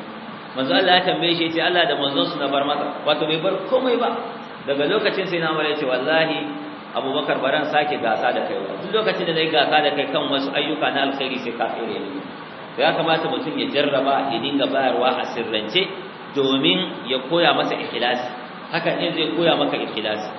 manzo Allah ya tambaye shi yace Allah da manzon su na bar maka. wato bai bar komai ba daga lokacin sai na mare yace wallahi Abubakar baran sake gasa da kai duk lokacin da zai gasa da kai kan wasu ayyuka na alkhairi sai ka ni to ya kamata mutum ya jarraba ya dinga bayarwa a sirrance domin ya koya masa ikhlasi Haka ne zai koya maka ikhlasi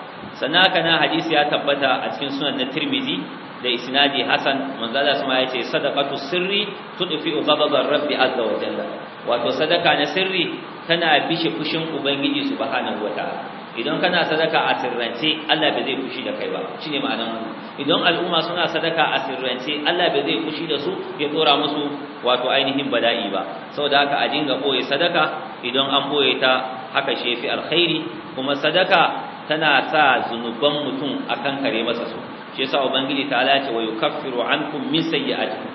sannan na hadisi ya tabbata a cikin sunan na Tirmidhi da isnadi hasan manzala suma yace sadaqatu sirri tudfi'u ghadabar rabbi azza wa jalla wato sadaka na sirri tana bishe fushin ubangiji subhanahu wa ta'ala idan kana sadaka a sirrance Allah bai zai fushi da kai ba shine ma'anar wannan idan al'umma suna sadaka a sirrance Allah bai zai fushi da su ya dora musu wato ainihin bada'i ba saboda haka a dinga boye sadaka idan an boye ta haka shefi alkhairi kuma sadaka tana sa zunuban mutum akan kare masa su shi yasa ubangiji ta'ala ce wa yukaffiru ankum min sayyi'atikum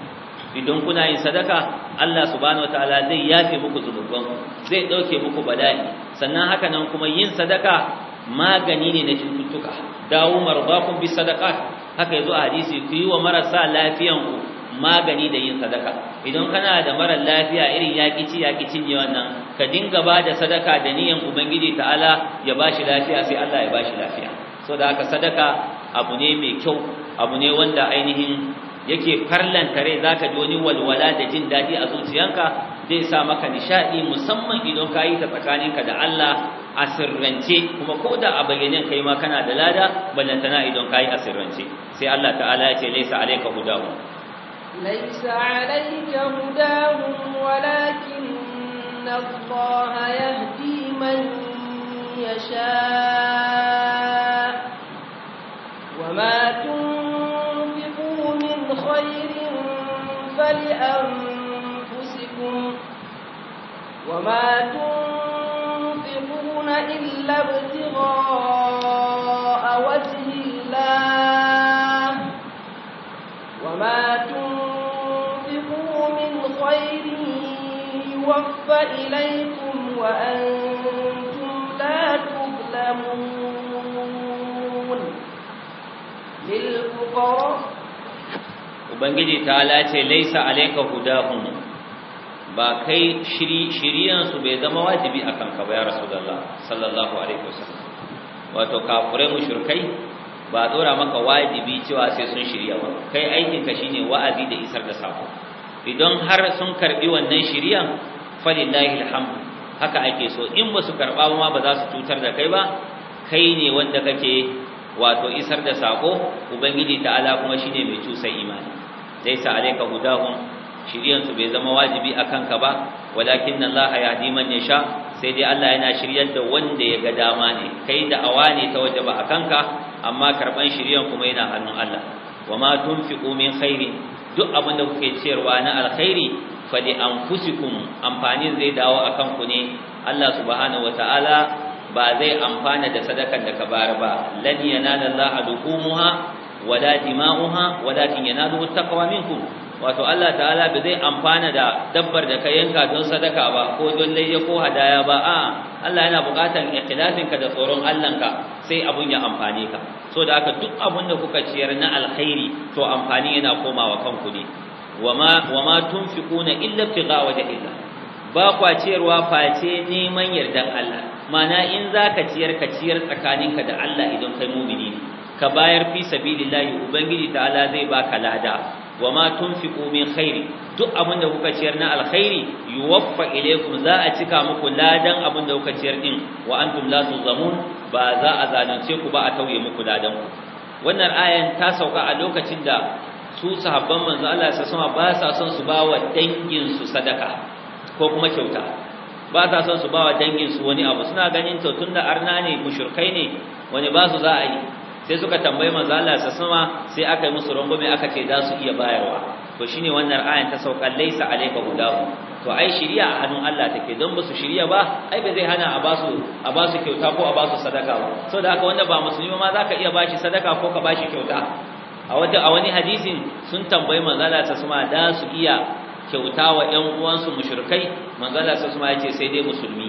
idan kuna yin sadaka Allah subhanahu wataala zai yafe muku zunubanku zai dauke muku bala'i sannan haka nan kuma yin sadaka magani ne na cututtuka dawo marbakum bis sadaqat haka yazo a hadisi ku yi wa marasa lafiyan ku magani da yin sadaka idan kana da mara lafiya irin yakici yakici ne wannan ka dinga ba da sadaka da niyan ubangiji ta'ala ya bashi lafiya sai Allah ya bashi lafiya so da haka sadaka abu ne mai kyau abu ne wanda ainihin yake farlanta rai zaka ji wani walwala da jin daɗi a zuciyanka zai sa maka nishaɗi musamman idan ka yi ta tsakaninka da Allah a sirrance kuma ko da a bayyane kai ma kana da lada ballantana idan ka yi a sirrance sai Allah ta'ala ya ce laisa alayka hudahu
laisa alayka hudahu walakin Allah yahdi man yasha وما تنفقوا من خير فلأنفسكم وما تنفقون إلا ابتغاء وجه الله وما تنفقوا من خير يوفى إليكم وأنتم لا تظلمون
Ubangiji ta lace laisa alaika hudahum ba kai shiriyansu bai zama wajibi akan ka ba ya rasulullah sallallahu alaihi wasallam wato kafurai mushrikai ba dora maka wajibi cewa sai sun shirya ba kai aikin ka shine wa'azi da isar da sako idan har sun karbi wannan shiriyan falillahi alhamdu haka ake so in ba su karba ma ba za su cutar da kai ba kai ne wanda kake wato isar da sako ubangiji ta'ala kuma shine mai cusa imani sa alayka hudahum shiriyan su bai zama wajibi akan ka ba walakin Allah yahdi man yasha sai dai Allah yana shiryar da wanda ya ga dama ne kai da awani ta wajaba akan ka amma karban shiriyan kuma yana hannun Allah wama tunfiqu min khairi duk abin da kuke ciyarwa na alkhairi fa li anfusikum amfanin zai dawo akan ku ne Allah subhanahu ta'ala. ba zai amfana da sadakar da ka bar ba lan yanala Allah duhumuha wala dima'uha walakin yanaluhu taqwa minkum wato Allah ta'ala ba zai amfana da dabbar da ka yanka don sadaka ba ko don ko hadaya ba a Allah yana buƙatar ikhlasin ka da tsoron Allah ka sai abun ya amfane ka so da haka duk abun da kuka ciyar na alkhairi to amfani yana komawa kanku ne wama wama tunfiquna illa waje illa. ba kwa ciyarwa face neman yardan Allah mana in zaka ciyar ka ciyar tsakaninka da Allah idan kai mu'mini ka bayar fi sabilillahi ubangiji ta'ala zai baka lada wa ma tunfiqu min khairi duk abin da kuka ciyar na alkhairi yuwaffa ilaykum za a cika muku ladan abin da kuka ciyar din wa antum la tuzamun ba za a zalunce ku ba a tauye muku ladan ku wannan ayan ta sauka a lokacin da su sahabban manzo Allah ya sa ba sa son su ba wa dangin su sadaka ko kuma kyauta ba ta son su bawa dangin su wani abu suna ganin to da arna ne mushrikai ne wani ba su za a yi sai suka tambayi manzo Allah sa sama sai aka yi musu rangwame aka ce za su iya bayarwa to shine wannan ayan ta sauka laisa alayka hudahu to ai shiriya a hannun Allah take don ba su shiriya ba ai ba zai hana a basu a basu kyauta ko a ba su sadaka ba saboda haka wanda ba musulmi ma zaka iya bashi sadaka ko ka bashi kyauta a a wani hadisin sun tambayi manzo Allah sa sama da su iya kyauta wa ƴan uwansu mushrikai manzala sai kuma yace sai dai musulmi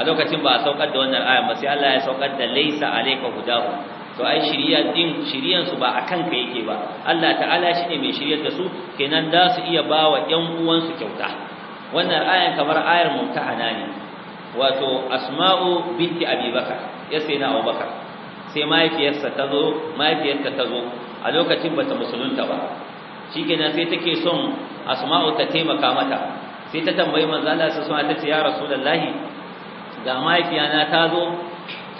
a lokacin ba a saukar da wannan ayan ba sai Allah ya saukar da laisa alayka hudahu to ai shiriya din shiriyan su ba akan ka yake ba Allah ta'ala shi ne mai shiryar da su kenan da su iya bawa ƴan uwansu kyauta wannan ayan kamar ayar mumtahana ne wato asma'u binti abi bakar ya sai na abubakar sai mahaifiyarsa ta zo mahaifiyarta ta zo a lokacin bata musulunta ba shi kenan sai take son asma'u ta taimaka mata sai ta tambayi manzo Allah sai ce ya rasulullahi ga mahaifiyana ta zo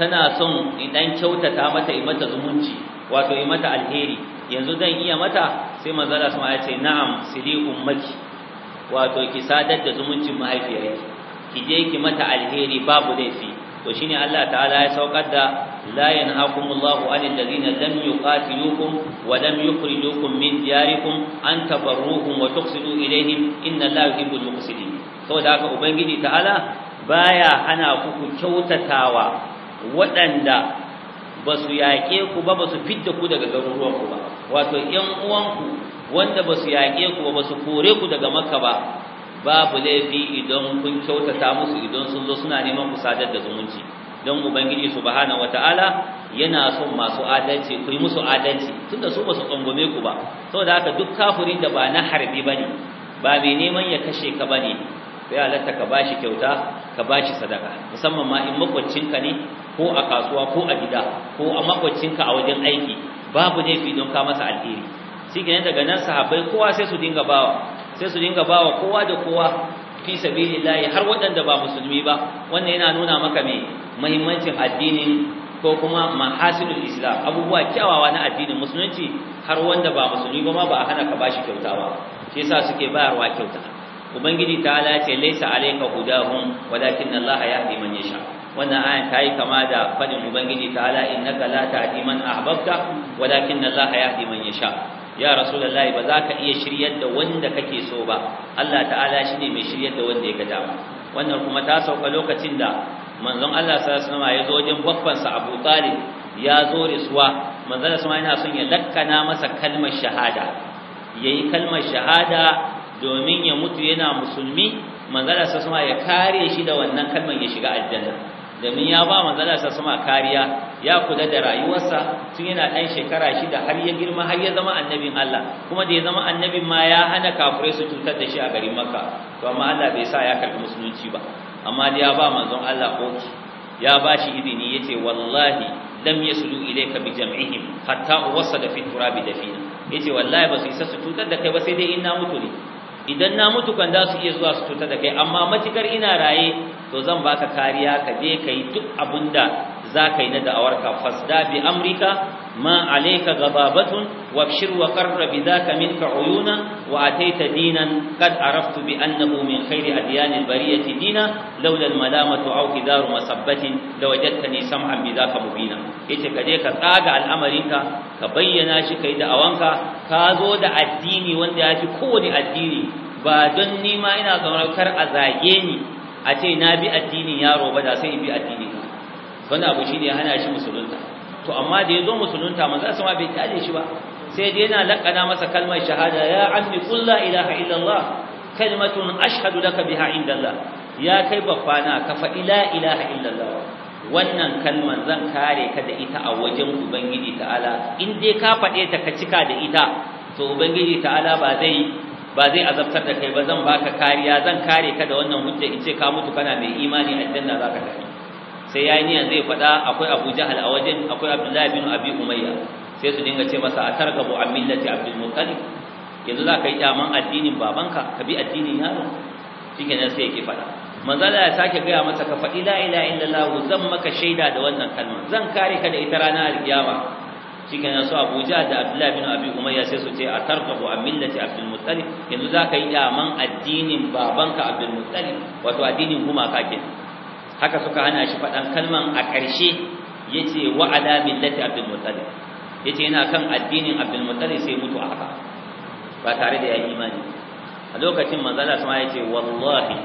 tana son idan kyautata mata yi mata zumunci wato yi mata alheri yanzu zan iya mata sai manzo Allah sai ya ce na'am sili ummaki wato ki sadar da zumuncin mahaifiyarki ki je ki mata alheri babu laifi to shine Allah ta'ala ya saukar da la yanhaqumullahu 'anil ladina lam yuqatilukum wa lam yukhrijukum min diyarikum an tabarruhum wa tuqsidu ilayhim inna Allaha yuhibbul muqsitin saboda haka ubangiji ta'ala baya ana ku kyautatawa waɗanda ba su yaƙe ku ba ba su fidda ku daga garuruwanku ba wato ‘yan uwanku wanda ba su yaƙe ku ba su kore ku daga makka ba babu laifi idan kun kyautata musu idan sun zo suna neman ku sadar da zumunci don ubangiji subhanahu wataala yana son masu adalci ku yi musu adalci tunda su ba su ku ba saboda haka duk kafirin da ba na harbi bane ba mai neman ya kashe ka bane sai halatta ka bashi kyauta ka bashi sadaka musamman ma in makwancinka ne ko a kasuwa ko a gida ko a makwancinka a wajen aiki babu laifi don ka masa alheri shi daga nan sahabbai kowa sai su dinga bawa sai su dinga bawa kowa da kowa fi sabilillahi har waɗanda ba musulmi ba wannan yana nuna maka me muhimmancin addinin ko kuma mahasilul islam abubuwa kyawawa na addinin musulunci har wanda ba musulmi ba ma ba a hana ka bashi kyauta ba shi yasa suke bayarwa kyauta ubangiji ta ala ce laysa alayka hudahum walakin allaha yahdi man yasha wannan ayan ta yi kama da fadin ubangiji ta ala innaka la tahdi man ahbabta walakin allaha yahdi man yasha ya rasulullahi ba za ka iya shiryar da wanda kake so ba Allah ta'ala shine mai shiryar da wanda ya ga dama wannan kuma ta sauka lokacin da manzon Allah sallallahu alaihi wasallam ya zo wajen babban sa Abu Talib ya zo risuwa manzon Allah yana son ya lakkana masa kalmar shahada yayi kalmar shahada domin ya mutu yana musulmi manzon Allah sallallahu ya kare shi da wannan kalmar ya shiga aljanna domin ya ba manzana sa sama kariya ya kula da rayuwarsa tun yana ɗan shekara shida har ya girma har ya zama annabin Allah kuma da ya zama annabin ma ya hana kafirai su cutar da shi a garin Makka to amma Allah bai sa ya karbi musulunci ba amma da ya ba manzon Allah oki ya ba shi izini yace wallahi lam yasudu ilayka bi jam'ihim hatta wasala fi turabi dafina yace wallahi ba su isa su cutar da kai ba sai dai in na mutu ne idan na mutu kan za su iya zuwa su cuta da kai amma matukar ina raye to zan baka kariya ka je ka yi duk abinda za ka yi na da'awarka fasda bi amrika ma alaika gababatun batun wa qarra bi dhaka minka uyuna wa taita dinan qad araftu bi annahu min khairi adyan bariyati dina laula al malamatu aw kidaru masabbatin ne sam'an bi dhaka mubina yace ka je ka tsaga al'amarinka ka bayyana shi kai da'awanka ka zo da addini wanda ya fi kowane addini ba don nima ina kamar kar a zage ni a ce na bi addinin yaro ba da sai in bi addini. Wani abu shine ya hana shi musulunta to amma da ya zo musulunta manzo sama bai kyale shi ba sai dai yana lakana masa kalmar shahada ya ammi qul la ilaha illallah kalimatun ashhadu laka biha indallah ya kai babbana ka faɗi ilaha illallah wannan kalman zan kare ka da ita a wajen ubangiji ta'ala in dai ka faɗe ta ka cika da ita to ubangiji ta'ala ba zai ba zai azabtar da kai ba zan baka kariya zan kare ka da wannan hujja in ce ka mutu kana mai imani aljanna zaka tafi sai yi niyan zai fada akwai Abu Jahal a wajen akwai Abdullah bin Abi Umayya sai su dinga ce masa a atarkabu an millati Abdul Muttalib yanzu za ka yi daman addinin babanka ka bi addinin yaro shikenan sai yake fada Allah ya sake gaya masa ka faɗi la ilaha illallah zan maka shaida da wannan kalma zan kare ka da ita ranar alkiyama shikenan su Abuja da Abdullah bin Abi Umayya sai su ce a tarkahu a millati Abdul Muttalib yanzu ka yi daman addinin babanka Abdul Muttalib wato addinin gumaka kenan haka suka hana shi faɗan kalman a ƙarshe ya ce wa'ada ala millati abdul muttalib ya ce yana kan addinin abdul muttalib sai mutu a haka ba tare da ya imani a lokacin manzala sama ya ce wallahi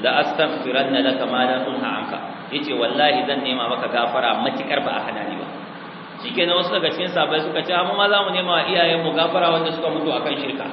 la astaghfiranna laka ma la Ha'anka. Ya ce wallahi zan nema maka gafara matikar ba a hana ni ba shikenan wasu daga cikin sabai suka ce amma ma za mu nema wa iyayen gafara wanda suka mutu a kan shirka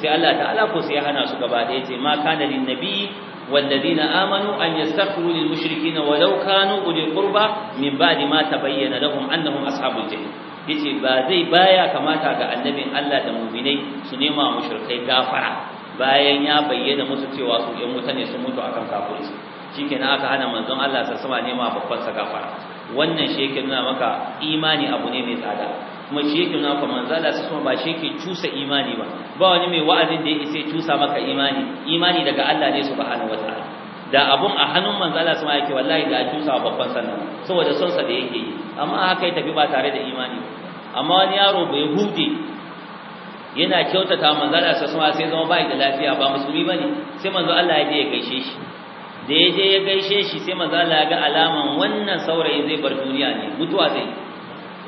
sai Allah ta'ala ko sai ya hana su gaba da ce ma kana lin nabi والذين آمنوا أن يستغفروا للمشركين na كانوا أولي القربى من بعد ما تبين لهم أنهم أصحاب الجحيم yace ba zai baya kamata ga annabin Allah da mu'minai su nema mushrikai gafara bayan ya bayyana musu cewa su ɗan wuta ne sun mutu akan kafirci shikenan aka hana manzon Allah sallallahu alaihi nema babban sa gafara wannan shi yake maka imani abu ne mai tsada kuma shi yake nuna kuma manzala su kuma ba shi yake cusa imani ba ba wani mai wa'azin da ya isa cusa maka imani imani daga Allah ne subhanahu wataala da abun a hannun manzala su ma yake wallahi da cusa babban sannan saboda son sa da yake yi amma haka ya tafi ba tare da imani amma wani yaro bai hude yana kyautata manzala su kuma sai zama bai da lafiya ba musulmi bane sai manzo Allah ya je ya gaishe shi da ya je ya gaishe shi sai manzala ya ga alaman wannan saurayin zai bar duniya ne mutuwa zai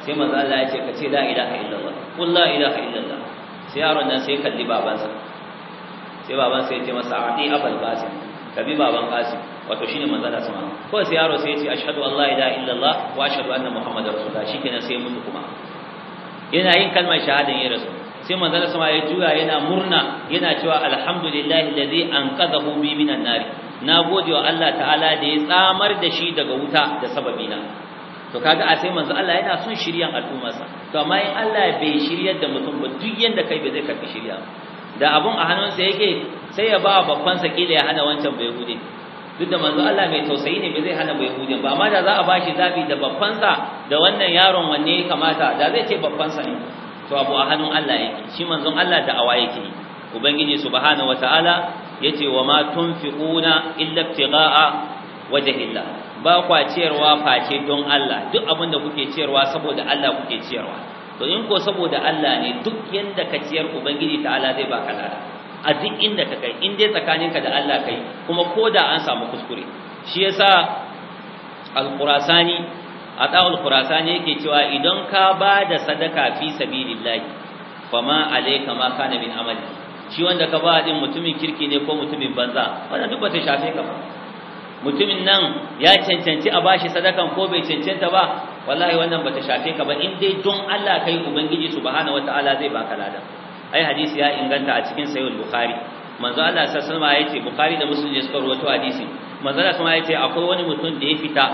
sai manzo Allah ya ce ka ce la ilaha illallah qul la ilaha illallah sai yaron nan sai kalli babansa sai babansa ya ce masa adi abul qasim ka bi baban qasim wato shine manzo Allah sama ko sai yaro sai ya ce ashhadu an la ilaha illallah wa ashhadu anna muhammadar rasulullah shikenan sai mutu kuma yana yin kalmar shahadan ya rasu sai manzo Allah sama ya juya yana murna yana cewa alhamdulillahi allazi anqadahu bi minan Nari, na gode wa Allah ta'ala da ya tsamar da shi daga wuta da sababina to kaga a sai manzo Allah yana son shiryan al'ummarsa to amma in Allah bai shiryar da mutum ba duk yanda kai bai zai karbi shirya da abun a hannunsa yake sai ya ba babban sa kila ya hana wancan bai gude duk da manzo Allah mai tausayi ne bai zai hana bai gude ba amma da za a bashi zabi da babban sa da wannan yaron wanne ya kamata da zai ce babban sa ne to abu a hannun Allah yake shi manzo Allah da awa yake ubangiji subhanahu wataala yace wa ma tunfiquna illa ibtigaa illa, ba kwa ciyarwa face don Allah duk abinda kuke ciyarwa saboda Allah kuke ciyarwa to in ko saboda Allah ne duk yanda ka ciyar ubangiji ta'ala zai baka lada a duk inda ka kai in dai tsakaninka da Allah kai kuma koda an samu kuskure shi yasa al-Qurasani Ata'ul Qurasani yake cewa idan ka ba da sadaka fi sabilillahi fama alayka ma kana min amali shi wanda ka ba din mutumin kirki ne ko mutumin banza wannan duk ba ta shafe ka ba mutumin nan ya cancanci a bashi sadakan ko bai cancanta ba wallahi wannan bata shafe ka ba in dai don Allah kai ubangiji subhanahu wataala zai baka ladan ai hadisi ya inganta a cikin sahih bukhari manzo Allah sallallahu alaihi wasallam yace bukhari da muslim ne suka rawaito hadisi manzo Allah sallallahu alaihi wasallam yace akwai wani mutum da ya fita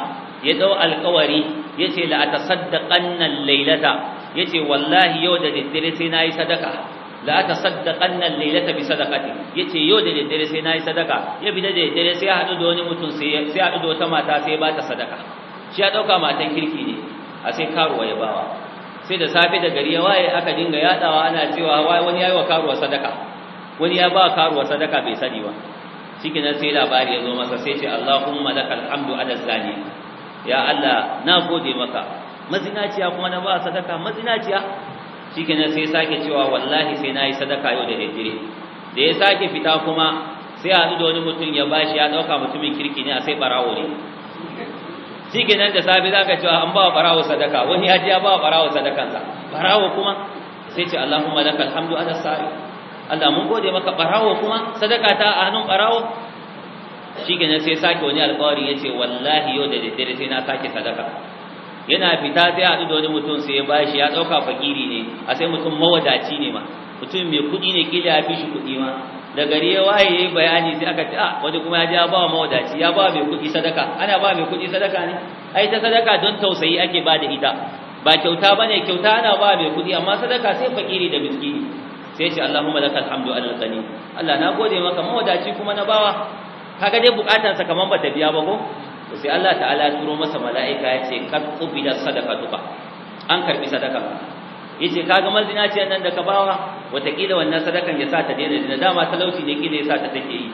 ya dau alƙawari yace la atasaddaqanna al-lailata yace wallahi yau da daddare sai na yi sadaka la tasaddaqanna al-laylata bi sadaqati yace yau da daddare sai nayi sadaka ya bi da daddare sai hadu da wani mutum sai sai hadu da wata mata sai ba ta sadaka shi ya dauka matan kirki ne a sai karuwa ya bawa sai da safe da gari ya waye aka dinga yadawa ana cewa wai wani yayi wa karuwa sadaka wani ya ba karuwa sadaka bai sani ba nan sai labari ya zo masa sai ce Allahumma lakal hamdu ala zani ya Allah na gode maka mazinaciya kuma na ba sadaka mazinaciya shikenan sai sake cewa wallahi sai nayi sadaka yau da daddare da ya sake fita kuma sai a da wani mutum ya bashi ya dauka mutumin kirki ne a sai barawo ne shikenan da safe zaka cewa an ba barawo sadaka wani ya ya ba barawo sadakansa barawo kuma sai ce Allahumma lakal alhamdu ala sa'i Allah mun gode maka barawo kuma sadaka ta a hannun barawo shikenan sai sake wani alƙawari yace wallahi yau da daddare sai na sake sadaka yana fita sai a da wani mutum sai ya bashi ya ɗauka fakiri ne a sai mutum mawadaci ne ma mutum mai kuɗi ne kila ya fi shi kuɗi ma da gari ya waye yayi bayani sai aka ce ah wani kuma ya ya ba wa mawadaci ya ba mai kuɗi sadaka ana ba mai kuɗi sadaka ne ai ta sadaka don tausayi ake ba da ita ba kyauta bane kyauta ana ba mai kuɗi amma sadaka sai fakiri da miskini sai ce Allahumma lakal hamdu alal qani Allah na gode maka mawadaci kuma na bawa kaga dai bukatarsa sa kaman bata biya ba ko to sai Allah ta'ala turo masa mala'ika ya ce kad qubila sadaqatuka an karbi sadaka yace kaga mazina ce nan da ka bawa watakila wannan sadakan ya sa ta daina dina dama talauci ne kila ya sa ta take yi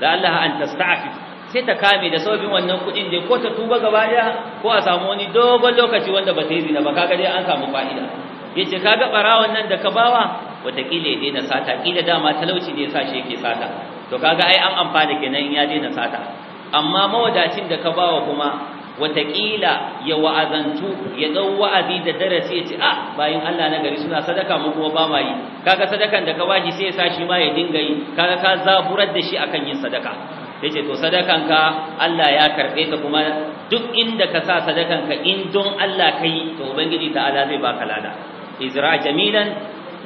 da Allah an tasta'fi sai ta kame da sabbin wannan kudin da ko ta tuba gaba daya ko a samu wani dogon lokaci wanda ba ta yi zina ba kaga dai an samu fa'ida yace kaga barawon nan da ka bawa watakila ya daina sata kila dama talauci ne ya sa shi yake sata to kaga ai an amfana kenan in ya daina sata amma mawadacin da ka bawa kuma wataƙila ya wa'azantu ya dau wa'azi da darasi ya ce a ah, bayan Allah na gari suna sadaka mu kuma ba ma yi kaga sadakan da ka bashi sai ya sa shi ma ya dinga yi kaga ka zaburar da shi akan yin sadaka sai ce to ka Allah ya karɓe ka kuma duk inda ka sa ka in don Allah kai to ubangiji ta'ala zai baka lada izra jamilan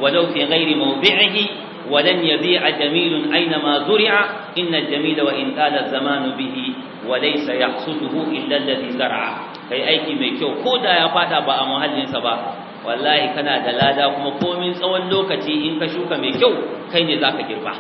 walau fi ghairi mawdi'ihi ولن يبيع جميل أينما زرع إن الجميل وإن آل الزمان به وليس يحصده إلا الذي زرع كي أيكي ميكيو كودا يفاتا بقى مهل سبا والله كان دلادا كما قومين سوى اللوكتي إن كشوك ميكيو كين ذاك جربا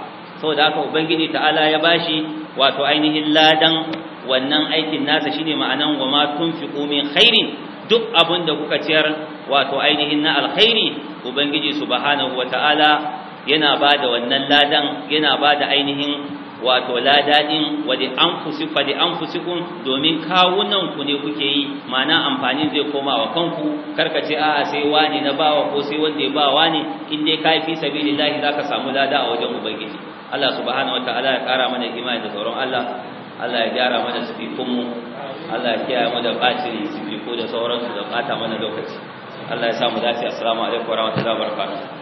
سو ذاك وبنجني تعالى يباشي واتو عينه اللادن wannan aikin nasa shine ma'anan wa ma tunfiqu min khairin duk abin da kuka ciyar wato ainihin na alkhairi ubangiji subhanahu wataala yana ba da wannan ladan yana ba da ainihin wato ladadin wadi an fusi fadi an fusikun domin kawunan ku ne kuke yi mana amfanin zai koma wa kanku karka ce a'a sai wani na bawa ko sai wanda ya ba wani in dai kai fi sabilillahi zaka samu lada a wajen ubangiji Allah subhanahu wataala ya kara mana imani da tsoron Allah Allah ya gyara mana sifikunmu Allah ya kiyaye mu da bacin sifiku da sauransu da bata mana lokaci Allah ya sa mu dace assalamu alaikum warahmatullahi wabarakatuh